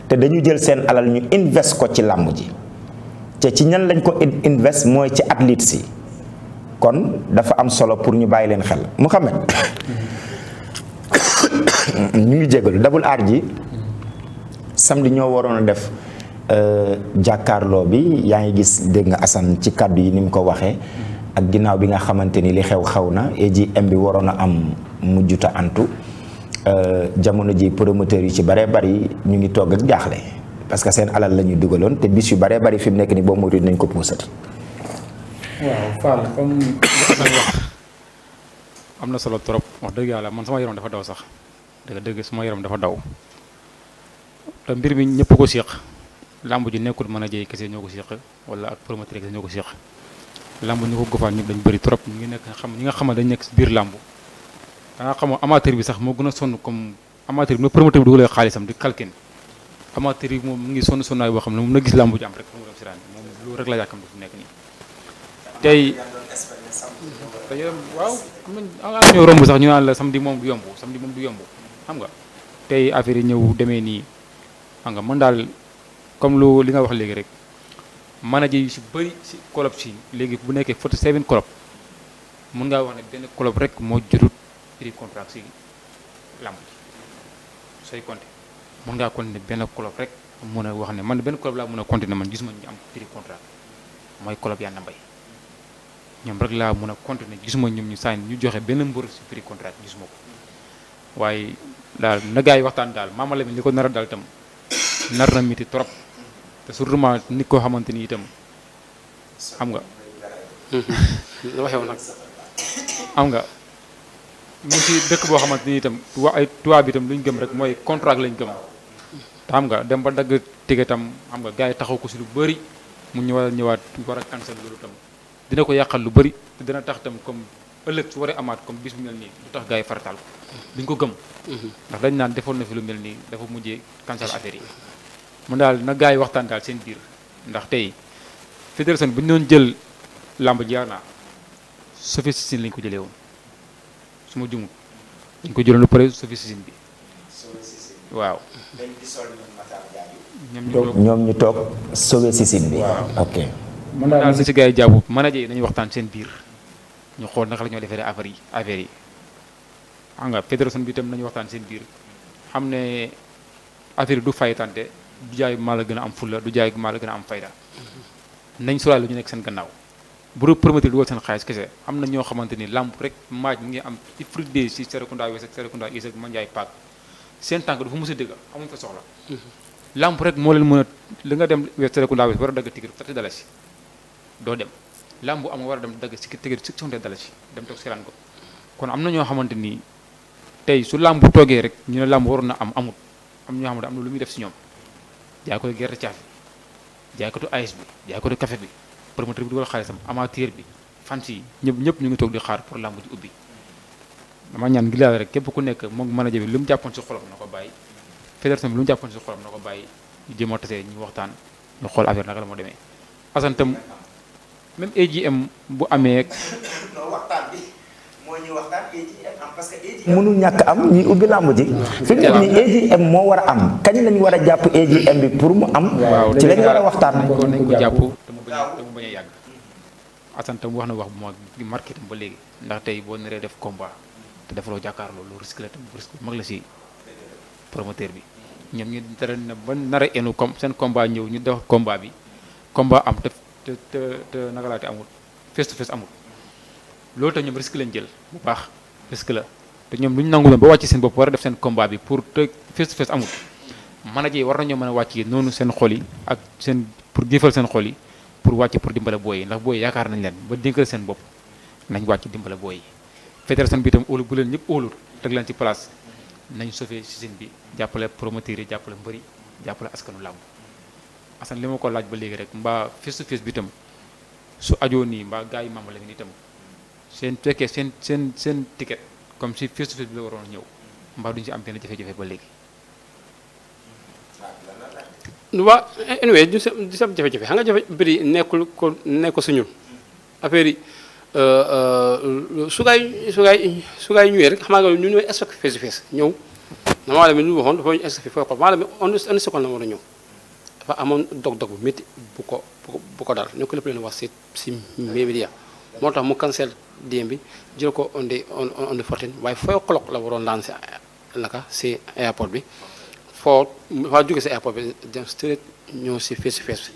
te dañu jël seen alal ñu invest ko ci làmb ji te ci ñan lañ ko invest mooy ci athlète si kon dafa am solo pour ñu bàyyi leen xel Mouhamed ñu ngi jégalu dabul aar ji samedi ñoo waroon a def euh, jàkkaarloo bi yaa ngi gis dégg nga Assane ci kàddu yi ni mu ko waxee ak ginnaaw bi nga xamante ni li xew xew na AGM bi waroon a am mujjuta antu euh, jamono ji promoteur yi ci bare bari ñu ngi togg ak jaaxle parce que seen alal la ñuy dugaloon te bis yu baree bari fi mu nekk ni boo moytuwul nañ ko puusati. waaw Fall am na solo trop wax dëgg yàlla man sama yaram dafa daw sax dëgg dëgg sama yaram dafa daw te mbir bi ñëpp ko séq làmb ji nekkul mën a jëy kese ñoo ko séq wala ak promoteur kese ñoo ko séq làmb ñu ko gofaan ñëpp dañ bëri trop ñu ngi nekk xam ñi nga xam xamal dañ nekk si biir làmb da nga xam amateur bi sax moo gën a sonn comme amateur bi no promoteur xaalisam di kalkin amateur yi moom mu ngi sonn sonnaay boo xam ne moom na gis làmb ju am rek fu mu dem si nekk nii tey dañoo waaw am ñoo romb sax ñu naan la samedi moom du yomb samedi moom du yomb xam nga tey affaire yi ñëw demee nii xam nga man daal comme lu li nga wax léegi rek manager yu si bëri si club si léegi bu nekkee forty seven club mun ngaa wax ne benn club rek moo jotut prix contract sooy compter mën ngaa continuer benn club rek mën a wax ne man benn club laa mën a continuer man gisuma ñu am prix contrat mooy club Yanda mbay ñoom rek laa mun a continuer gisuma ñoom ñu sign ñu joxe benn mbër si prix contrat gisuma ko waaye daal na gars yi waxtaan daal Mama Lamine li ko nar a daal itam nar na miti trop te surtout nit koo xamante ni itam nga. waxew nag xam nga si dëkk boo xamante ni itam wa ay tubaab bi itam lu ñu gëm rek mooy contrat lañ gëm. te xam nga dem ba dagg tigetam xam nga gars yi taxaw ko si lu bëri mu ñëwaat ñëwaat war a cancel loolu tam dina ko yàqal lu bari te dina tax tam comme ëllëg su waree amaat comme bis bu mel nii du tax gars yi farataal ko duñ ko gëm mhm. ndax dañ naan defoon na fi lu mel nii dafa mujjee cancel affaire yi mhm. mun daal na gars yi waxtaan daal seen biir ndax tey fédération bu ñu doon jël làmb jaar naa Sophie Cissine lañ ko jëlee woon su ma jumut dañ ko jëloon lu pare Sophie Cissine bi waaw. ñoom ñu toog sauver système bi. ok. mën naa si si gars yi yi nañu waxtaan seen biir ñu xool naka la ñoo defee yi affaire yi xam nga bi itam nañu waxtaan seen biir xam ne affaire yi du faytante du jaay maa la gën a am fulla du jaay maa la gën a am fayda nañ sóoraale lu ñu nekk seen gannaaw bu doon promoteur du woo seen xaalis kese am na ñoo xamante ni làmb rek maaj mu ngi am ci fruit des si Serekunda West ak Serekunda East ak Mandiaye Pack seen tànk dafa mos a dëgg amuñ fa soxla. Mm-hmm. làmp rek moo leen mën a li nga dem ku laa war a dagg tigir tati dala si doo dem làmp bu am war a dem dagg si tigir si soxna dala si dem toog seetaan ko kon am na ñoo xamante nii tey su làmp bu toogee rek ñu ne làmp waroon na am amut am ñoo xamante am na lu muy def si ñoom jaay ko gerte caaf bi jaay ko tu ice bi jaay ko tu café bi promoteur bi dugal xaalisam amateur bi fans yi ñëpp ñëpp ñu ngi toog di xaar pour làmb ubbi dama ñaan ngir yàlla rek képp ku nekk moom mën a jëbi lu mu jàppoon si xolam na ko bàyyi fédération bi lu mu jàppoon si xolam na ko bàyyi ñu jéemoo tasee ñu waxtaan ñu xool affaire naka la moo demee Assane tam même AGM bu amee waxtaan mënul ñàkk am ñuy ubbi làmb ji fi mu nii AGM moo war a am kañ lañ war a jàpp AGM bi pour mu am ci lañ war a waxtaan ko nañ ko jàpp te mu bañ a te mu wax na wax bu ma marketing ba léegi ndax tey boo naree def combat te defaloo jàkkaarloo lu risque la te risque mag la si promoteur bi ñoom ñu dara na ba nar enu comme seen combat ñëw ñu def combat bi combat am te te te naka laate amul loolu tax ñoom risque lañ jël bu baax risque la te ñoom lu ñu nangu loon ba wàcc seen bopp war a def seen combat bi pour te face to face amul manager yi war nañoo mën a wàcc noonu seen xol yi ak seen pour jëfal seen xol yi pour wàcc pour dimbale booy yi ndax booy yaakaar nañ leen ba dénkal seen bopp nañ wàcc dimbale booy yi fédération bi itam óolu bu leen ñëpp óolul teg leen ci place nañu sauver usine bi jàppale promoteur yi jàppale mbëri jàppale askanu làmb asan li ma ko laaj ba léegi rek mbaa face to face bi itam su ajoo nii mbaa gars yi maam la ni itam seen fekkee seen seen seen ticket comme si face to face bi la waroon ñëw mbaa duñu si am benn jafe-jafe ba léegi waaw anyway du sa du sa jafe-jafe xam nga jafe nekkul ko nekk ko suñu affaire yi Euh, euh, euh, su gaay su gaay su gaay ñëwee rek xam nga ñun ñooy stock face to face ñëw normalement mi waxoon dafa ñu stock foofu maanaam on dafa amoon dog-dog bu métti bu ko bu ko dal ñu ko lépp leen wax si moo tax mu cancel démb bi jël ko on the on the fourteen waaye four o'clock la waroon lancé naka si airport bi foo faa jóge si airport bi dem straight ñëw si face to face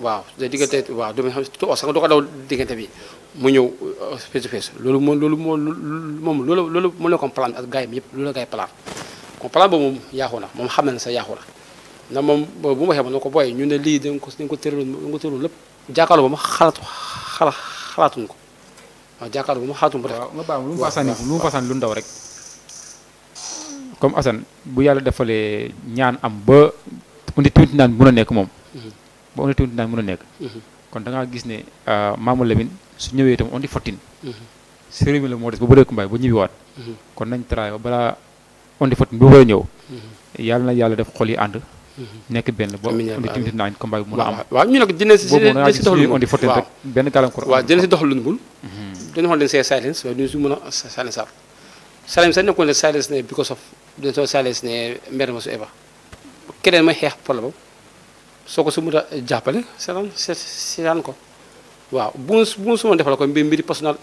waaw da diggante waaw du xam si tuuti sax du ko daw diggante bi mu ñëw euh, face to face loolu moom loolu moo moom loolu loolu mën na ko plan ak gars yi yëpp loolu la gars yi plan kon plan boobu moom yaaxu na moom xam na ne sa yaaxu na ndax moom bu ma xee ma ko booyee ñu ne lii dañ ko dañ ko tëraloon dañ ko tëraloon lépp jàkkaarloo ba ma xalaatu xala xalaatuñ ko waaw jàkkaarloo ba ma xalaatuñ ko def. waaw nga baax lu mu faasaan lu mu faasaan lu ndaw rek comme Assane bu yàlla defalee ñaan am ba undi tuuti naan mën a nekk moom. Mhm. ba undi tuuti naan mën a nekk. Mhm. kon da ngaa gis ne euh, Mamadou Lamine. su ñëwee itam on dit fourteen. Mm-hmm. si la moo des ba bu dee kumbaay ba ñibbiwaat. Mm-hmm. kon nañ traay ba balaa on dit fourteen bu ñëw. Mm-hmm. yàlla na yàlla def xol yi ànd. nekk benn boo on dit tamit naan combat bi mën a am. waaw ñu nag dina si dina si doxaluñu on dit fourteen rek benn see silence waaye duñu si mën a silence aar silence dañ nekkoon ne ne because of dañ soo silence ne mber ma su eba keneen may xeex problème soo ko su mën a jàppale seetaan seetaan ko waaw bu mu bu mu su ma defal ko mbir mbiri personnel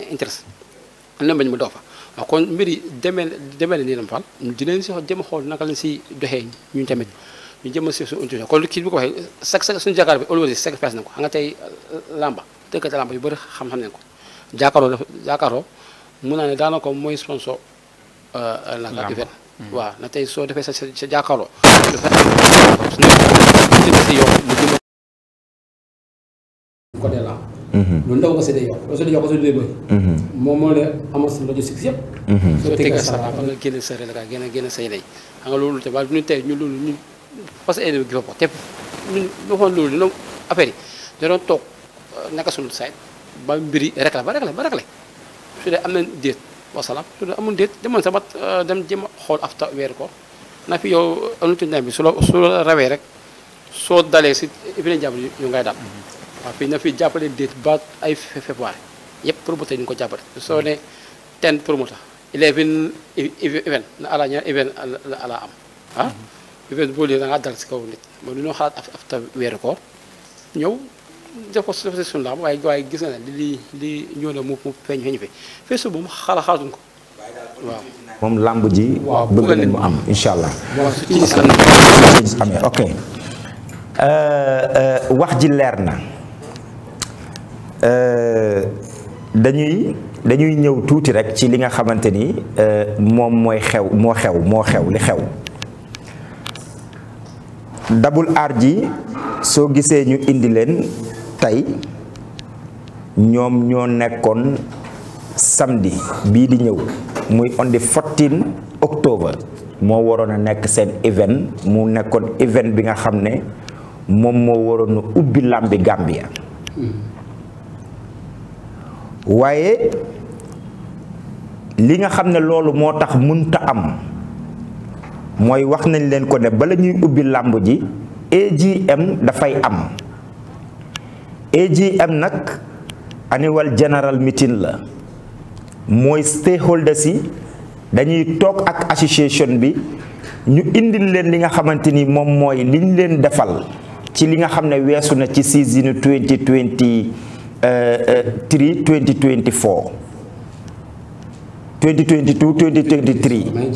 na mbañ ma doo fa kon mbiri demee demee la nii lam fal dinañ si jëm xool naka lañ si doxee ñu tamit ñu jëm si suñu institution kon kii bi ko waxee chaque chaque suñu ko xam nga tey làmba tëkkati làmba yu bëri xam-xam nañ ko jàkkaaroo jàkkaaroo mun naa ne daanako mooy sponsor naka event waaw na tey soo defee sa sa jàkkaaroo dafa am si yow mu jëm côté Mm-hmm. lu ndaw nga seetee yokk soo dee yokk soo dee bëri. moom moo leen amal sa rajo six yëpp. Mm-hmm. soo teg sa rajo nga génne sa relais génne génne nga loolu tamit waaye ñun tey ñun loolu ñun parce que ay gi fa bokk te ñun ñoo xam loolu ñoom affaire yi da doon toog euh, naka suñu sayt ba mbiri rek la ba rek la ba rek la su dee am nañ déet wasalaam su dee amul déet demoon sabat euh, dem jéem a xool afta weer ko na fi yow aluñu tuuti bi su la su la rawee rek soo dalee si fi ne jàpp ngay daal. Mm-hmm. waaw fii na fi jàppale déet ba ay février yëpp promoteur ñu ko jàppale. soo ne ten promoteur eleven event na ñaar event la am ah. event boo lee da si kaw nit ba lu ñoo xalaat afta weeru koor ñëw def ko def gis nga li li ñoo ne mu ko waaw. moom làmb ji bëgg nañ mu am incha allah ok wax ji leer na Euh, dañuy dañuy ñëw tuuti rek ci li nga xamante ni euh, moom mooy xew moo xew moo xew li xew dabul aar ji soo gisee ñu indi leen tey ñoom ñoo nekkoon samedi bii di ñëw muy on the 14 moo waroon a nekk seen event mu nekkoon event bi nga xam ne moom moo waroon a ubbi làmbi Gambia hmm. waaye li nga xam ne loolu moo tax mënta am mooy wax nañ leen ko ne bala ñuy ubbi làmb ji AGM dafay am AGM nag annual general meeting la mooy stakeholders yi dañuy toog ak association bi ñu indil leen li nga xamante ni moom mooy liñ leen defal ci li nga xam ne weesu na ci season 2020 3 2024 2022 2023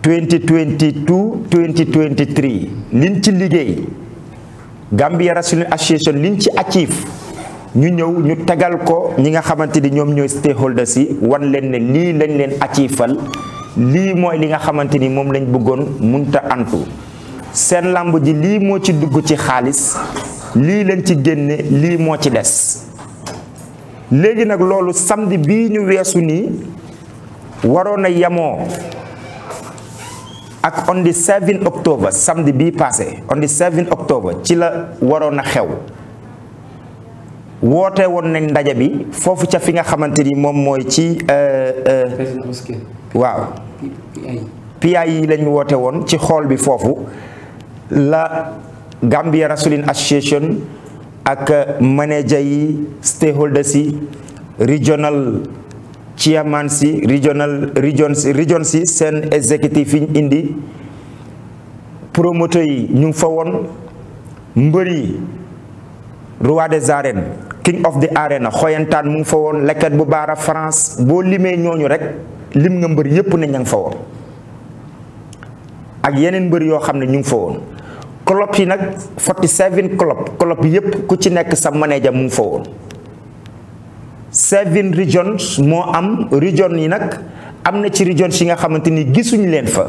2022 2023 ni ci liggéey Gambia Wrestling Association liñ ci achieve ñu ñëw ñu tegal ko ñi nga xamante ni ñoom ñooy stakeholders si wan leen ne lii lañ leen achiefal lii mooy li nga xamante ni moom lañ bëggoon munta antu seen làmb ji lii moo ci dugg ci xaalis lii lañ ci génne lii moo ci des léegi nag loolu samedi bii ñu weesu nii waroon a yemoo ak on the 7 octobre samedi bii passé on the 7 ci la waroon a xew woote woon nañ ndaje bi foofu ca fi nga xamante ni moom mooy ci. Euh, euh, waaw. PIA yi lañ woote woon ci xool bi foofu la. Gambia Wrestling Association ak manager yi stakeholders si regional chairman si regional region si si seen exécutif yi ñu indi promoteur yi ñu ngi fa woon mbër yi roi des arènes king of the arena xoyantaan mu ngi fa woon lekket bu baara France boo limee ñooñu rek lim nga mbër yépp nañ ña ngi fa woon ak yeneen mbër yoo xam ne ñu ngi fa woon club yi nag 47 club club yëpp ku ci nekk sa manager mu ngi fa woon seven regions moo am region yi nag am na ci regions si nga xamante ni gisuñu leen fa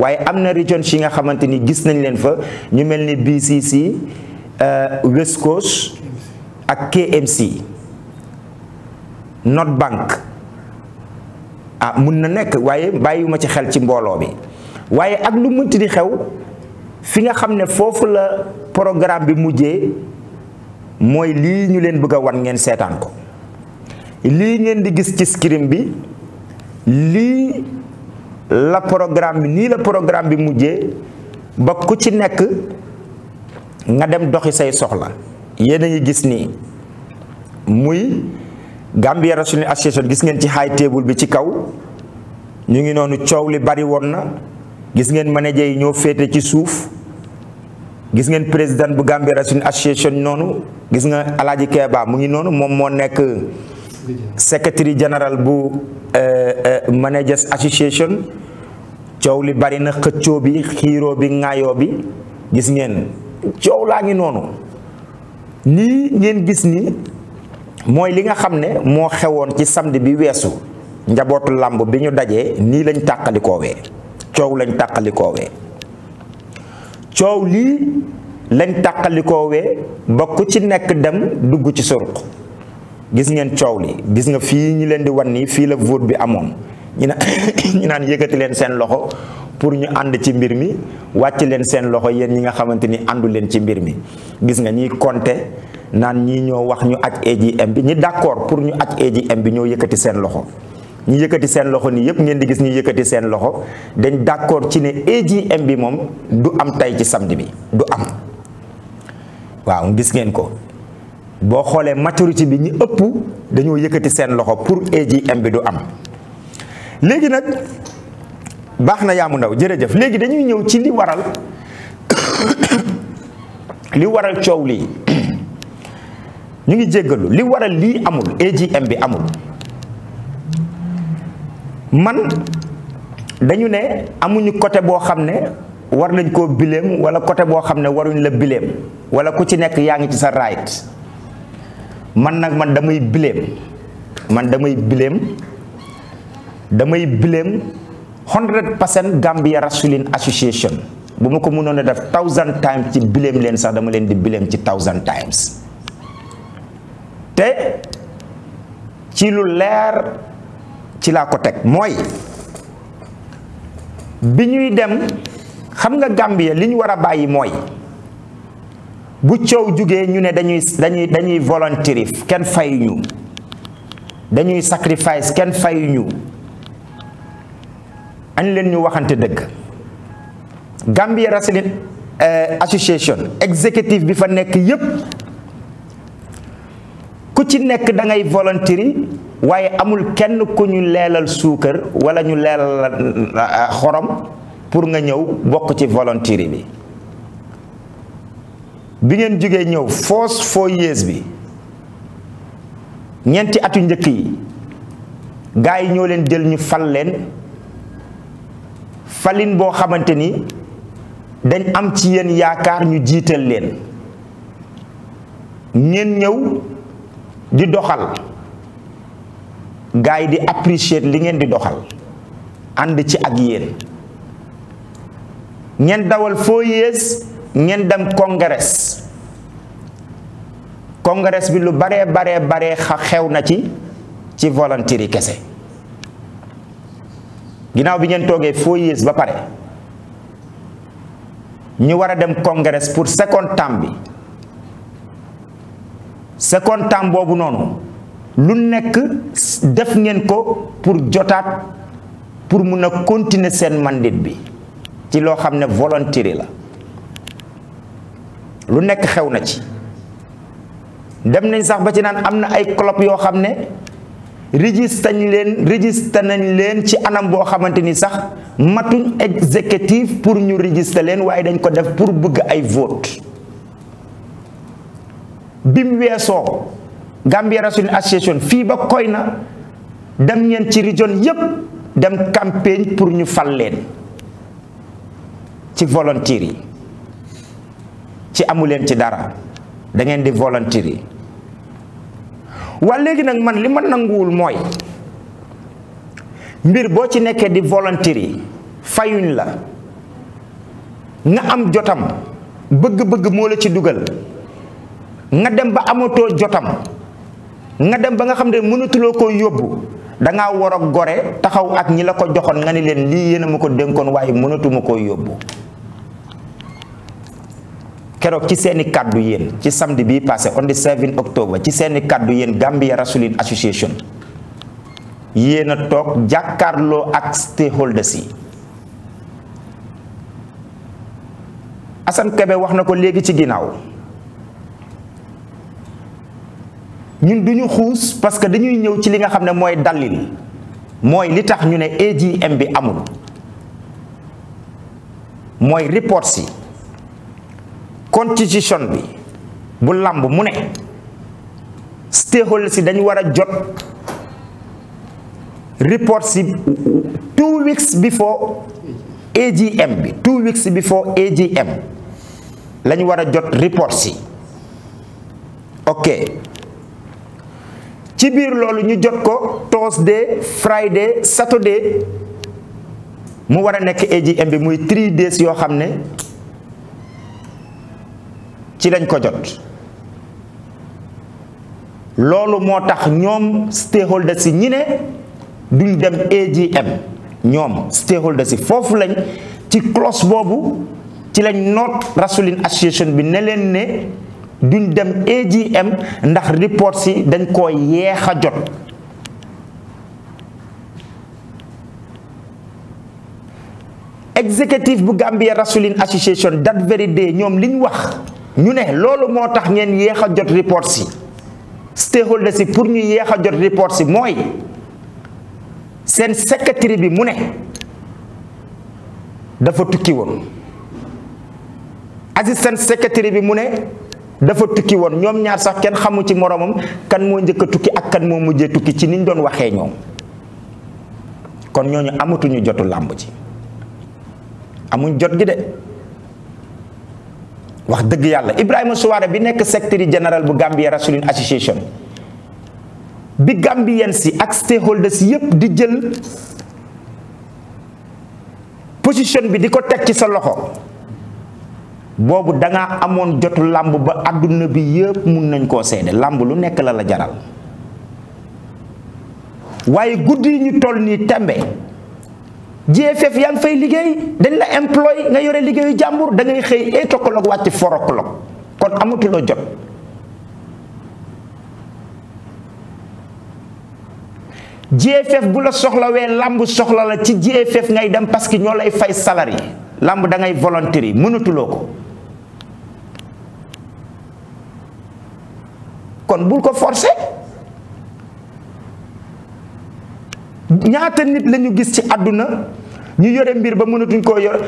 waaye am na regions si nga xamante ni gis nañ leen fa ñu mel ni BCC euh, West Coast ak KMC North Bank ah mun na nekk waaye bàyyiwuma ci xel ci mbooloo bi waaye ak lu mënti di xew fi nga xam ne foofu la programme bi mujjee mooy lii ñu leen bëgg a wan ngeen seetaan ko lii ngeen di gis ci screen bi lii la programme bi nii la programme bi mujjee ba ku ci nekk nga dem doxi say soxla yéen a gis nii muy Gambia Restaurant Association gis ngeen ci high table bi ci kaw ñu ngi noonu coow li bari woon na gis ngeen manager yi ñoo féete ci suuf gis ngeen président bu Gambia Racine Association noonu gis nga Alaaji Keba mu ngi noonu moom moo nekk secrétaire général bu eh, eh, managers association coow li bari na xëccoo bi xiiro bi ŋaayoo bi gis ngeen coow laa ngi noonu lii ngeen gis ni mooy li nga xam ne moo xewoon ci samedi bi weesu njabootu làmb bi ñu dajee nii lañ tàqalikoowee coow lañ tàqalikoowee coow lii lañ tàqalikoowee ba ku ci nekk dem dugg ci surq gis ngeen coow li gis nga fii ñi leen di wan nii fii la vote bi amoon ñu naan naan yëkkati leen seen loxo pour ñu ànd ci mbir mi wàcc leen seen loxo yéen ñi nga xamante ni àndu leen ci mbir mi gis nga ñiy compter naan ñii ñoo wax ñu aj AGM bi ñi d'accord pour ñu aj AGM bi ñoo yëkkati seen loxo ñu yëkkati seen loxo nii yëpp ngeen di gis ñu yëkkati seen loxo dañ d'accord ci ne AGM bi moom du am tey ci samedi bi du am waaw gis ngeen ko boo xoolee maturité bi ñu ëpp dañoo yëkkati seen loxo pour AGM bi du am léegi nag baax na yaamu ndaw jërëjëf léegi dañuy ñëw ci li waral li waral coow lii ñu ngi jéggalu li waral lii amul AGM bi amul man dañu ne amuñu côté boo xam ne war nañ koo bileem wala côté boo xam ne waruñ la bileem wala ku ci nekk yaa ngi ci sa right man nag man damay bileem man damay bileem damay bileem 100 percent Gambia Rasulin Association bu ma ko mënoon a def thousand times ci bileem leen sax dama leen di bileem ci thousand times te ci leer. ci laa ko teg mooy bi ñuy dem xam nga Gambia li ñu war a bàyyi mooy bu coow jógee ñu ne dañuy dañuy dañuy volontaire kenn fayu ñu dañuy sacrifice kenn fayu ñu añ leen ñu waxante dëgg Gambia Wrestling eh, Association exécutif bi fa nekk yépp ku ci nekk dangay ngay volontaire waaye amul kenn ku ñu leelal suukar wala ñu leelal ah, xorom pour nga ñëw bokk ci volontaire bi bi ngeen jógee ñëw foos foo yées bi ñeenti atu njëkk yi gaa yi ñoo leen jël ñu fal leen falin boo xamante ni dañ am ci yéen yaakaar ñu jiital leen ngeen ñëw di doxal gars yi di apprécier li ngeen di doxal ànd ci ak yéen ngeen dawal foo yées ngeen dem congrès congrès bi lu baree baree baree xew na ci ci volontaires yi kese ginnaaw bi ngeen toogee foo yées ba pare ñu war a dem congrès pour second temps bi second temps boobu noonu lu nekk def ngeen ko pour jotaat pour mun a continuer seen mandat bi ci loo xam ne volontaire la lu nekk xew na ci dem nañ sax ba ci naan am na ay club yoo xam ne registre nañ leen registre nañ leen ci anam boo xamante ni sax matuñ exécutif pour ñu registre leen waaye dañ ko def pour bëgg ay vote bi mu weesoo Gambia Wrestling Association fii ba koy na dem ngeen ci région yépp dem campagne pour ñu fal leen ci volontaire yi ci amuleen ci dara da ngeen di volontaire yi waa léegi nag man li ma nanguwul mooy mbir boo ci nekkee di volontaire yi fayuñ la nga am jotam bëgg-bëgg moo la ci dugal nga dem ba amatoo jotam nga dem ba nga xam ne mënatuloo koo yóbbu danga war gore taxaw ak ñi la ko joxoon nga ni leen lii yéen a ma ko dénkoon waaye mënatuma koo yóbbu keroog ci seeni kàddu yéen ci samedi bii passé on the 7 octobre ci seeni kàddu yéen Gambia Rasulin Association yéen a toog jàkkaarloo ak stakeholders yi Assane Kebe wax na ko léegi ci ginnaaw ñun du ñu xuus parce que dañuy ñëw ci li nga xam ne mooy dalil mooy li tax ñu ne AGM bi amul mooy report si constitution bi bu làmb mu ne stakeholder si dañu war a jot report si two weeks before AGM bi two weeks before AGM la ñu war a jot report si ok ci biir loolu ñu jot ko Thursday Friday Saturday mu war a nekk AGM bi muy three days yoo xam ne ci lañ ko jot loolu moo tax ñoom stakeholders si ñi ne duñ dem AGM ñoom stakeholders si foofu lañ ci clause boobu ci lañ noot Rasoline association bi ne leen ne duñ dem AGM ndax report si dañ koo yeex a jot executive bu Gambia Rasulin Association that very day ñoom liñ wax ñu ne loolu moo tax ngeen yéex a jot report si stakeholders si pour ñu yéex a jot report si mooy seen secretary bi mu ne dafa tukki woon Aziz seen bi mu ne dafa tukki woon ñoom ñaar sax kenn xamu ci moroomam kan moo njëkk a tukki ak kan moo mujjee tukki ci niñ doon waxee ñoom kon ñooñu amatuñu jotu làmb ci amuñ jot gi de wax dëgg yàlla Ibrahima Souare bi nekk secrétaire général bu Gambia Wrestling Association bi Gambien si ak stakeholders yépp di jël position bi di ko teg ci sa loxo boobu danga amoon jotu làmb ba àdduna bi yëpp mun nañ koo seede làmb lu nekk la la jaral waaye guddi ñu toll nii tembe ji GFF yaa ngi fay liggéey dañ la employé nga yore liggéeyu jàmbur dangay ngay xëy eight o'clock wàcc four o'clock kon amatuloo jot GFF bu la soxlawee làmb soxla la ci ji GFF ngay dem parce que ñoo lay fay salari làmb da ngay volontaire yi mënatuloo ko kon bul ko forse ñaata nit la ñu gis ci àdduna ñu yore mbir ba mënatuñ koo yor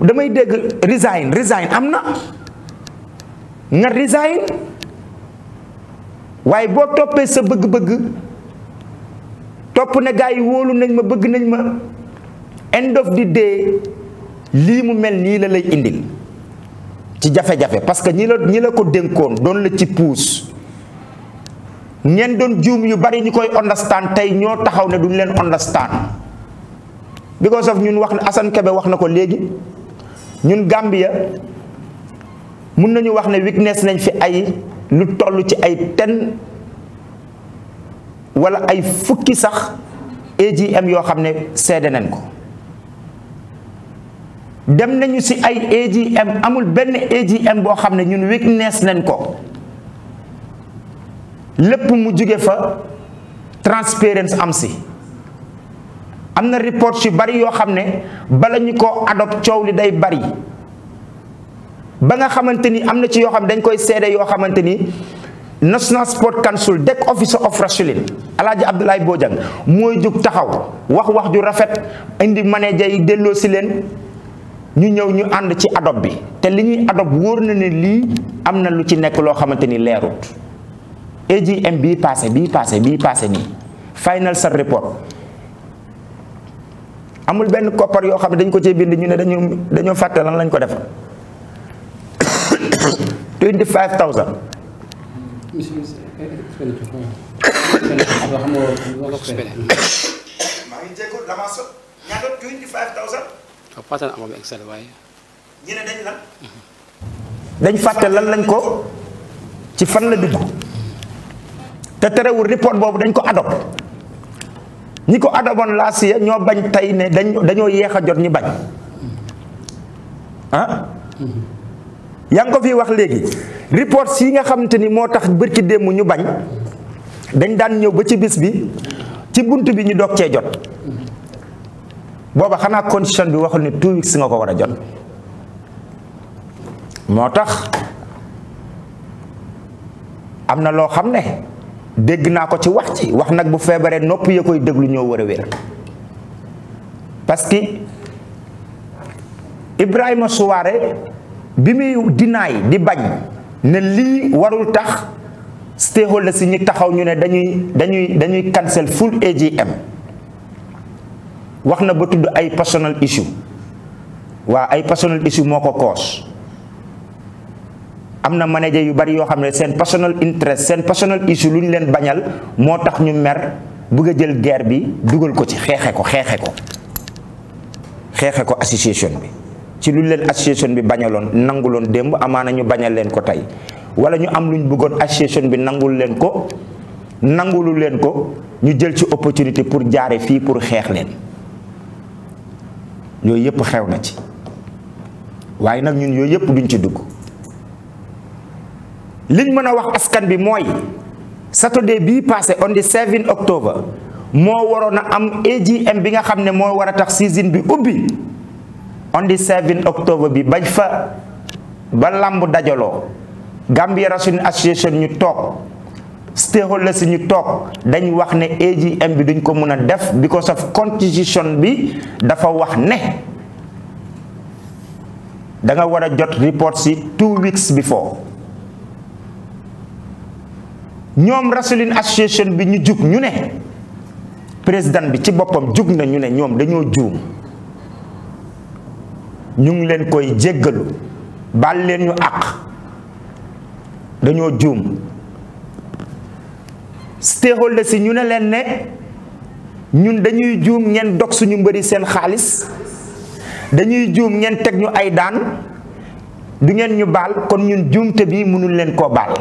damay dégg resign resign am na nga resign waaye boo toppee sa bëgg-bëgg topp na gaa yi wóolu nañ ma bëgg nañ ma end of the day lii mu mel nii la lay indil ci jafe-jafe parce que ñi la ñi la ko dénkoon doon la ci puus ñeen doon juum yu bari ñu koy understand tey ñoo taxaw ne duñ leen understand because of ñun wax na Assane Kebe wax na ko léegi ñun gàmbiya mun nañu wax ne weakness nañ fi ay lu toll ci ay ten wala ay fukki sax AGM yoo xam ne seede nañ ko dem nañu si ay AGM amul benn AGM boo xam ne ñun weakness nañ ko lépp mu juge fa transparence am si am na report yu bari yoo xam ne bala ñu ko adopt coow li day bari ba nga xamante ni am na ci yoo xam ne dañ koy seede yoo xamante ni National Sport Council DEC Officer of Wrestling Alaaji Abdoulaye Bojang mooy jug taxaw wax wax ju rafet indi manager yi delloo si leen ñu ñëw ñu ànd ci adopt bi te li ñuy adopt wóor na ne lii am na lu ci nekk loo xamante ni leerut AGM bii passé bii passé bii passé nii final sa report amul benn koppar yoo xam ne dañ ko cee bind ñu ne dañu dañoo fàtte lan lañ ko def 25000. maa ngi jégalu damaa ah, lañ ko ci fan la dugg. te terewul report boobu dañ ko adopté ñi ko adoptoon last year ñoo bañ tey ne dañ dañoo yéex a jot ñi bañ ah? yaa ngi ko fi wax léegi report yi nga xamante ni moo tax bërki démb ñu bañ dañ daan ñëw ba ci bis bi ci bunt bi ñu doog cee jot booba xanaa condition bi waxul ne two weeks nga ko war a jot moo tax am na loo xam ne dégg naa ko ci wax ci wax nag bu feebaree nopp ya koy déglu ñoo war a wér parce que Ibrahima Souare bi muy dinaay di bañ ne lii warul tax stakeholders si ñi taxaw ñu ne dañuy dañuy dañuy cancel full AGM wax na ba tudd ay personal issue waa ay personal issue moo ko koos am na manager yu bari yoo xam ne seen personal interest seen personal issue lu ñu leen bañal moo tax ñu mer bëgg a jël guerre bi dugal ko ci xeexe ko xeexe ko xeexe ko association bi ci lu leen association bi bañaloon nanguloon démb amaana ñu bañal leen ko tey wala ñu am luñ bëggoon association bi nangul leen ko nangulu leen ko ñu jël ci opportunité pour jaare fii pour xeex leen yooyu yëpp xew na ci waaye nag ñun yooyu yëpp duñ ci dugg liñ mën a wax askan bi mooy saturday bii passé on the 7 octobre moo waroon a am AGM bi nga xam ne moo war a tax season bi ubbi on the 7 octobre bi bañ fa ba làmb dajaloo Gambia Wrestling Association ñu toog stakeholder si ñu toog dañ wax ne AGM bi duñ ko mën a def because of constitution bi dafa wax ne danga war a jot report si two weeks before ñoom Rasoulin association bi ñu jug ñu ne président bi ci boppam jug na ñu ne ñoom dañoo juum ñu ngi leen koy jéggalu baal leen ñu àq dañoo juum stakeholder si ñu ne leen ne ñun dañuy juum ngeen dog suñu mbari seen xaalis dañuy juum ngeen teg ñu ay daan du ngeen ñu baal kon ñun juumte bi mënul leen koo baal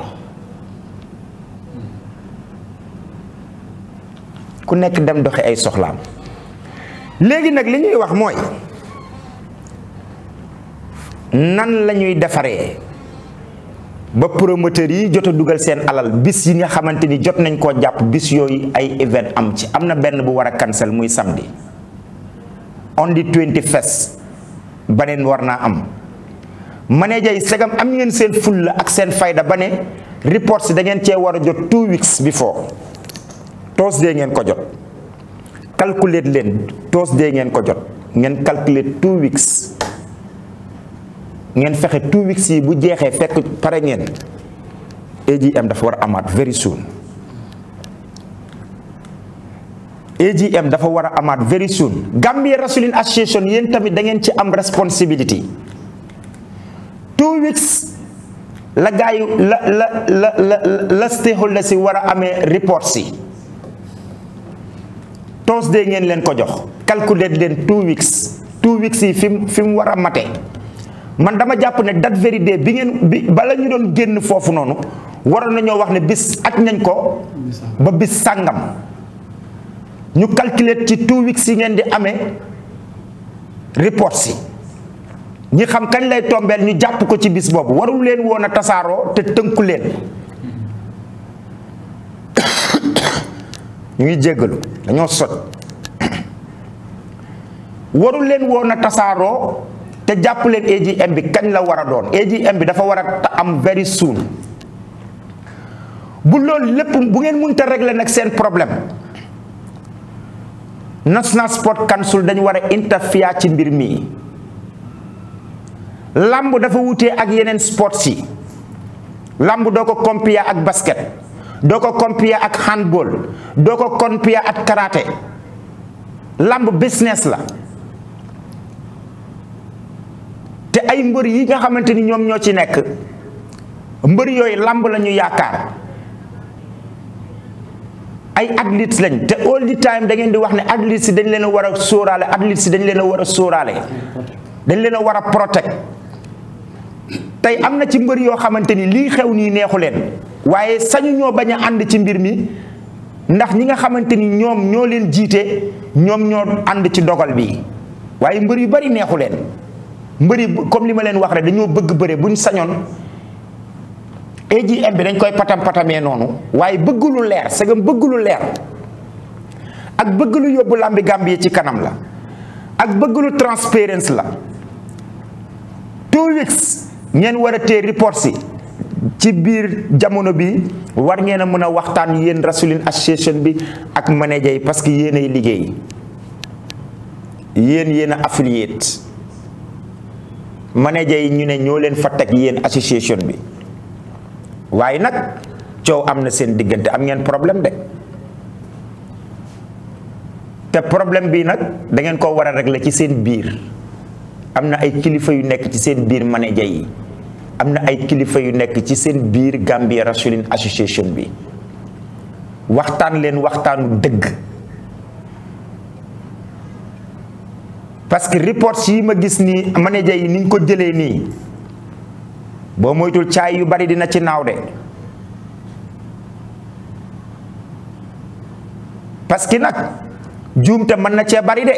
ku nekk dem doxi ay soxlaam léegi nag li ñuy wax mooy nan la ñuy defaree ba promoteur yi jot a dugal seen alal bis yi nga xamante ni jot nañ koo jàpp bis yooyu ay event am ci am na benn bu war a kansel muy samedi on the 21st baneen war naa am manager yi segam am ngeen seen fulla ak seen fayda ba ne report si da ngeen cee war a jot two weeks before toos dee ngeen ko jot calculer leen toos dee ngeen ko jot ngeen calculer two weeks ngeen fexe two weeks yi bu jeexee fekk pare ngeen AGM dafa war a amaat very soon AGM dafa war a amaat very soon Gambia Wrestling Association yéen tamit da ngeen ci am responsibility two weeks la gaayu la la la la la stakeholder si war a amee report si toos de ngeen leen ko jox calculer leen two weeks two weeks yi fi mu fi mu war a mate man dama jàpp ne date vérité bi ngeen bi bala ñu doon génn foofu noonu waroon nañoo wax ne bis ak nañ ko ba bis sàngam ñu calculer ci two weeks yi ngeen di ame report si ñi xam kañ lay tombeel ñu jàpp ko ci bis boobu warul leen woon a tasaaroo te tënku leen ñu ngi jéggalu dañoo sot warul leen woon a tasaaroo te jàpp leen AGM bi kañ la war a doon AGM bi dafa war a am very soon bu loolu lépp bu ngeen mënta régler nag seen problème National Sport Council dañu war a interfere ci mbir mi làmb dafa wutee ak yeneen sports yi làmb doo ko compare ak basket doo ko compare ak handball doo ko compare ak karaté làmb business la te ay mbër yi nga xamante ni ñoom ñoo ci nekk mbër yooyu làmb la ñu yaakaar ay athletes lañ te all the time da di wax ne athletes yi dañ leen a war a sóoraale athletes dañ leen a war a sóoraale dañ leen a war a protect tey am na ci mbër yoo xamante ni lii xew nii neexu leen waaye sañu ñoo bañ a ànd ci mbir mi ndax ñi nga xamante ni ñoom ñoo leen jiite ñoom ñoo ànd ci dogal bi waaye mbër yu bari neexu leen mbër yi comme li ma leen wax rek dañoo bëgg bëre buñ sañoon AGM bi dañ koy patam patamee noonu waaye bëgg lu leer segam bëgg leer ak bëgg lu yóbbu làmbi Gambie ci kanam la ak bëgg lu transparence la two weeks ngeen war a tee report ci biir jamono bi war ngeen a mën a waxtaan yéen Rasulin association bi ak manager yi parce que yéen yi liggéey yéen yéen a affiliate manager yi ñu ne ñoo leen fa teg yéen association bi waaye nag coow am na seen diggante am ngeen problème de te problème bi nag da ngeen koo war a régler ci seen biir am na ay kilifa yu nekk ci seen biir manager yi am na ay kilifa yu nekk ci seen biir Gambia Rasulin association bi waxtaan leen waxtaanu dëgg parce que reports yi ma gis nii manager yi niñ ko jëlee nii boo moytul caay yu bari dina ci naaw de parce que nag juumte mën na cee bari de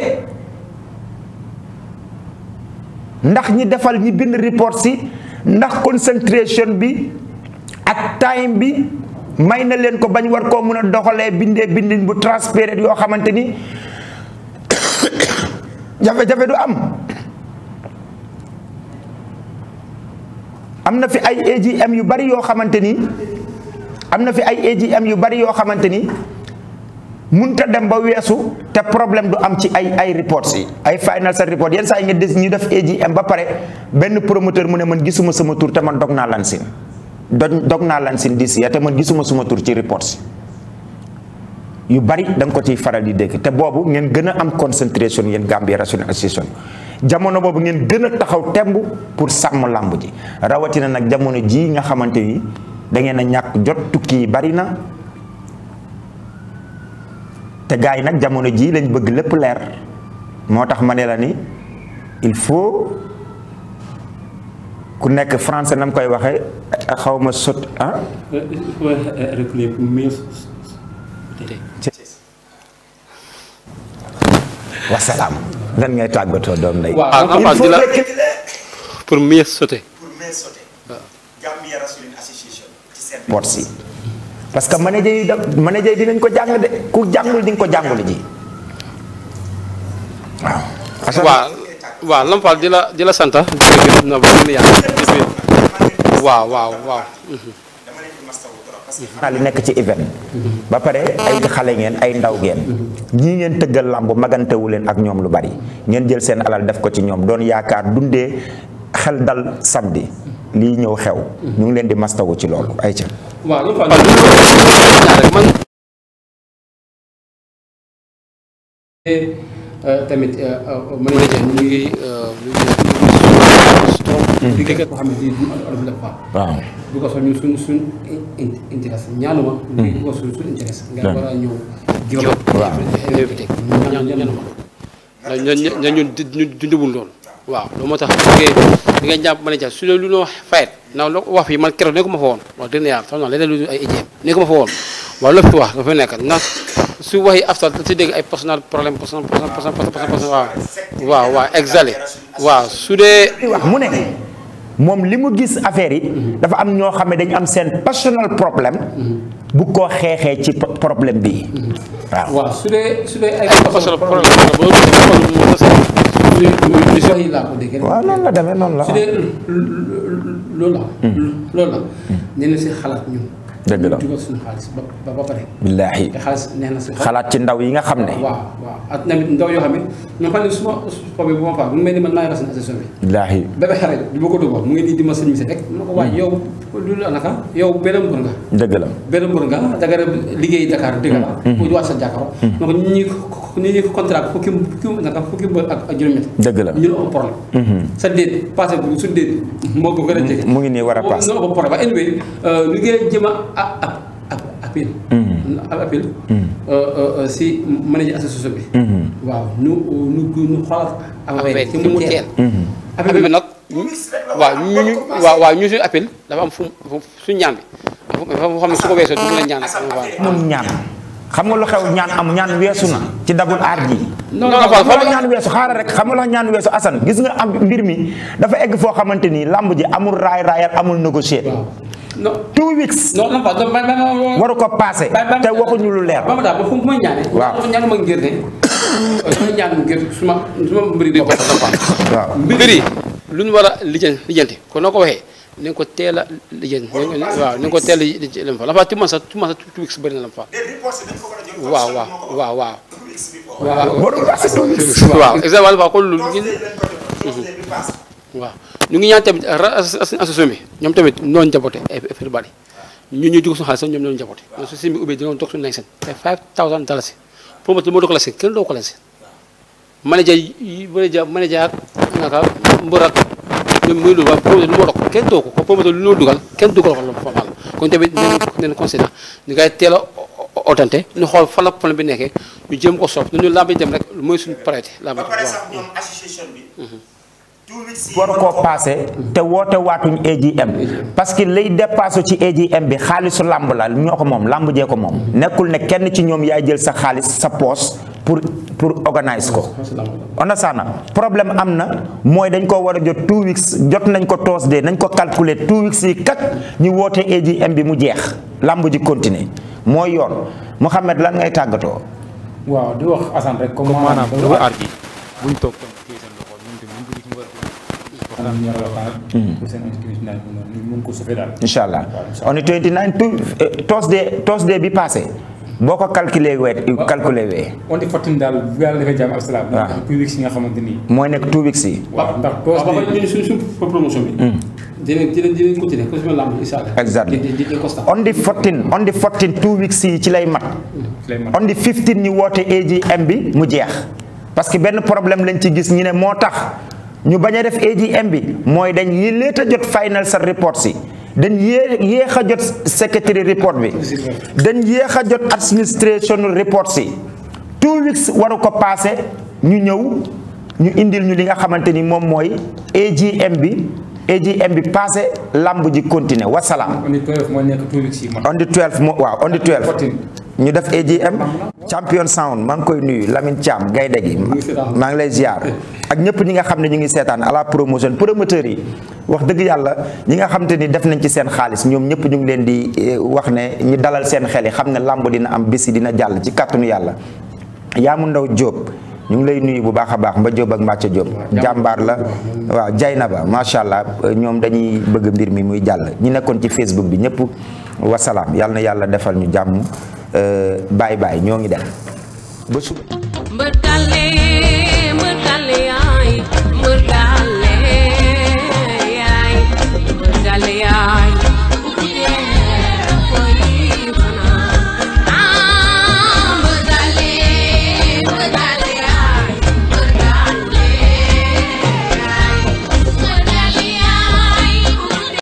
ndax ñi defal ñi bind report si ndax concentration bi ak time bi may na leen ko bañ war koo mun a doxalee bindee bindin bu transparent yoo xamante ni jafe-jafe du am am na fi ay AGM yu bari yoo xamante ni am na fi ay AGM yu bari yoo xamante ni munta dem ba weesu te problème du am ci ay ay reports yi ay financial report yenn saa yi nga des ñu def AGM ba pare benn promoteur mu ne man gisuma sama tur te man dog naa Lansing dog dog naa Lansing si ya te man gisuma suma tur ci reports yu bari da ko ciy faral di dégg te boobu ngeen gën a am concentration yéen Gambia National Association jamono boobu ngeen gën a taxaw temb pour sàmm làmb ji rawatina nag jamono ji nga xamante ni da ngeen a ñàkk jot tukki yi bari na te gars yi nag jamono jii lañ bëgg lépp leer moo tax ma ne la ni il faut ku nekk français na koy waxe xaw ma sot ah. wasalaam. lan ngay tàggatoo doom lay waaw en di la pour mieux sauter. pour ah. parce que manager yi da manager yi dinañ ko jàng de ku jàngul di ko jàngul ji waaw. waaw waaw Lampal di la di la sant. waaw waaw waaw. xanaa li nekk ci event ba pare ay xale ngeen ay ndaw ngeen ñii ngeen tëggal làmb magantewu leen ak ñoom lu bari ngeen jël seen alal def ko ci ñoom doon yaakaar dundee xel dal samedi lii ñëw xew. ñu ngi leen di mastawu ci loolu ay ca. waaw loolu man. Eh, tamit eh, eh, manager ñu suñ suñ intéresse ñaanuma. du hmm. ko suñ suñ intéresse. nga war a ñëw jóg. waaw ñaanuma. ñun ñun ñun loolu. waaw loolu moo tax liggéey bi ngeen jàpp ma ne jàpp su dee lu noo fayet ndax loo wax fii man keroog ne ko ma fa woon wax dëgg yàlla xam naa lu ay ijéem ma fa waaw loolu fi wax dafa nekk ndax su waxi aftal da ci ay personnel problème personnel personnel personnel waaw waaw waaw exalé waaw su dee mu ne moom li mu gis affaire yi dafa am ñoo xam ne dañ am seen personal problème bu ko xeexee ci problème bi waaw. su dee su dee ay personal problème waaw noonu la demee noonu la. su dee loolu la. loolu la. ne si xalaat ñun. dëgg la dugal suñu xaalis ba ba pare. billaahi xaalis neex na si xalaat ci ndaw yi nga xam ne. waaw waaw ak tamit ndaw yoo xam ne ñoom xam ne su ma problème bu ma faa mu mel ni man maa yor seen association bi. billaahi bébé xale du ma ko dugal mu ngi nii di ma sëñ bi rek. mu ne ko waaye yow du la naka yow benn mbër nga. dëgg la benn mbër nga da nga dem liggéey Dakar dëgg la. pour di waat sa jàkkaarloo. donc ñi ñuy ñi ñuy contrat fukki fukki naka fukki mbër ak ak juróom-ñett. dëgg la ñu am problème. Mm-hmm. sa déet passé bu su déet. moo ko gën a jege. mu ngi nii war a paas appel mm-hmm. ab appel mm-hmm. euh, euh, euh, si manager association bi mm-hmm. waaw nu nu mu teel appel bi nag waaw ñu ñu waaw waaw ñu suñu appel dafa am fu suñu ñaan bi dafa mun ñaan xam nga lu xew ñaan am ñaan weesu na ci dagul aar ji non non xam nga ñaan weesu xaaral rek xam nga la ñaan weesu Assane gis nga am mbir mi dafa egg foo xamante ni làmb ji amul raay raayal amul négocier two weeks. non non waru ko passé. te waxuñu lu leer. Bamba daal ba fu ma ñaanee. waaw dafa ñaanuma ngir de. dafa ñaan ngir su ma su ma mbir yi. waaw mbir yi lu ñu war a lijjanti kon noo ko waxee. nañ ko teel a lijjanti waaw nañ ko teel a lijjanti lam fa la fa tu masa tu masa two weeks bëri na lam fa. waaw waaw waaw waaw. waaw waru passé two weeks. waaw exactement kon lu. waaw. ñu ngi ñaan tamit association bi ñoom tamit noonu jaboote affaire bari ñu ñu dugg suñu xaalis ñoom ñoo ñu jaboote su si dalasi pour mo moo do ko lase kenn doo ko lase manager manager manager naka mbër ak ñoom muy lu waa promoteur lu kenn doo ko ko promoteur lu loo dugal ko la formal kon tamit neen conseil ñu ngay teel otante ñu xool fan la bi nekkee ñu jëm ko soob ñu lamb dem rek mooy suñu priorité lamb bi waaw mm-hmm. war koo paase te woote waatuñ AGM parce que lay dépassé ci AGM bi xaalisu làmb la ñoo ko moom làmb jee ko moom nekkul ne kenn ci ñoom yaay jël sax xaalis sa poos pour pour organise ko on saana problème am na mooy dañ ko war a jot two weeks jot nañ ko toos de nañ ko calculer two weeks yi kat ñu woote AGM bi mu jeex làmb ji continuer mooy yoon Mouhamed lan ngay tàggatoo waaw di wax Assane rek comme maanaam around near Rabat. Hussein on the 29 ñu mun ko sauver daal. incha allah on the 29 tout Thursday euh, Thursday bi passé. boo ko calculé wee calculé wee. on daal bu yàlla defee ah. yi nga xamante ni. mooy nekk two weeks yi. waaw ndax poche bi waaw hmm. on the fortune on two weeks yi ci lay mat. Hmm. ci lay mat fifteen ñu woote AGM bi mu jeex. parce que benn problème lañ ci gis ñu ne moo tax. ñu bañ a def AGM bi mooy dañ yi léet a jot final sa report si dañ yée yéex a jot secretary report bi dañ yéex a jot administration report si two weeks waru ko passé ñu ñëw ñu indil ñu li nga xamante ni moom mooy AGM bi AGM bi passé lamb ji continué wasalaam. on the 12 moo nekk two weeks yi on the 12 moo waaw on ñu def AGM champion sound maa ngi koy nuyu Lamine Thiam gaynde gi maa ngi lay ziar ak ñëpp ñi nga xam ne ñu ngi seetaan à la promotion promoteurs yi wax dëgg yàlla ñi nga xam te ni def nañ ci seen xaalis ñoom ñëpp ñu ngi leen di eh, wax ne ñu dalal seen xel yi xam ne làmb dina am bisi dina jàll ci kàttanu yàlla yaa mu ndaw Diop. ñu ngi lay nuyu bu baax a baax Mba Diop ak Mbacke Diop jàmbaar la waaw jay na ba macha allah euh, ñoom dañuy bëgg mbir mi muy jàll ñi nekkoon ci Facebook bi ñëpp wasalaam yàlla na yàlla defal ñu jàmm euh, bye bye ñoo ngi dem ba suba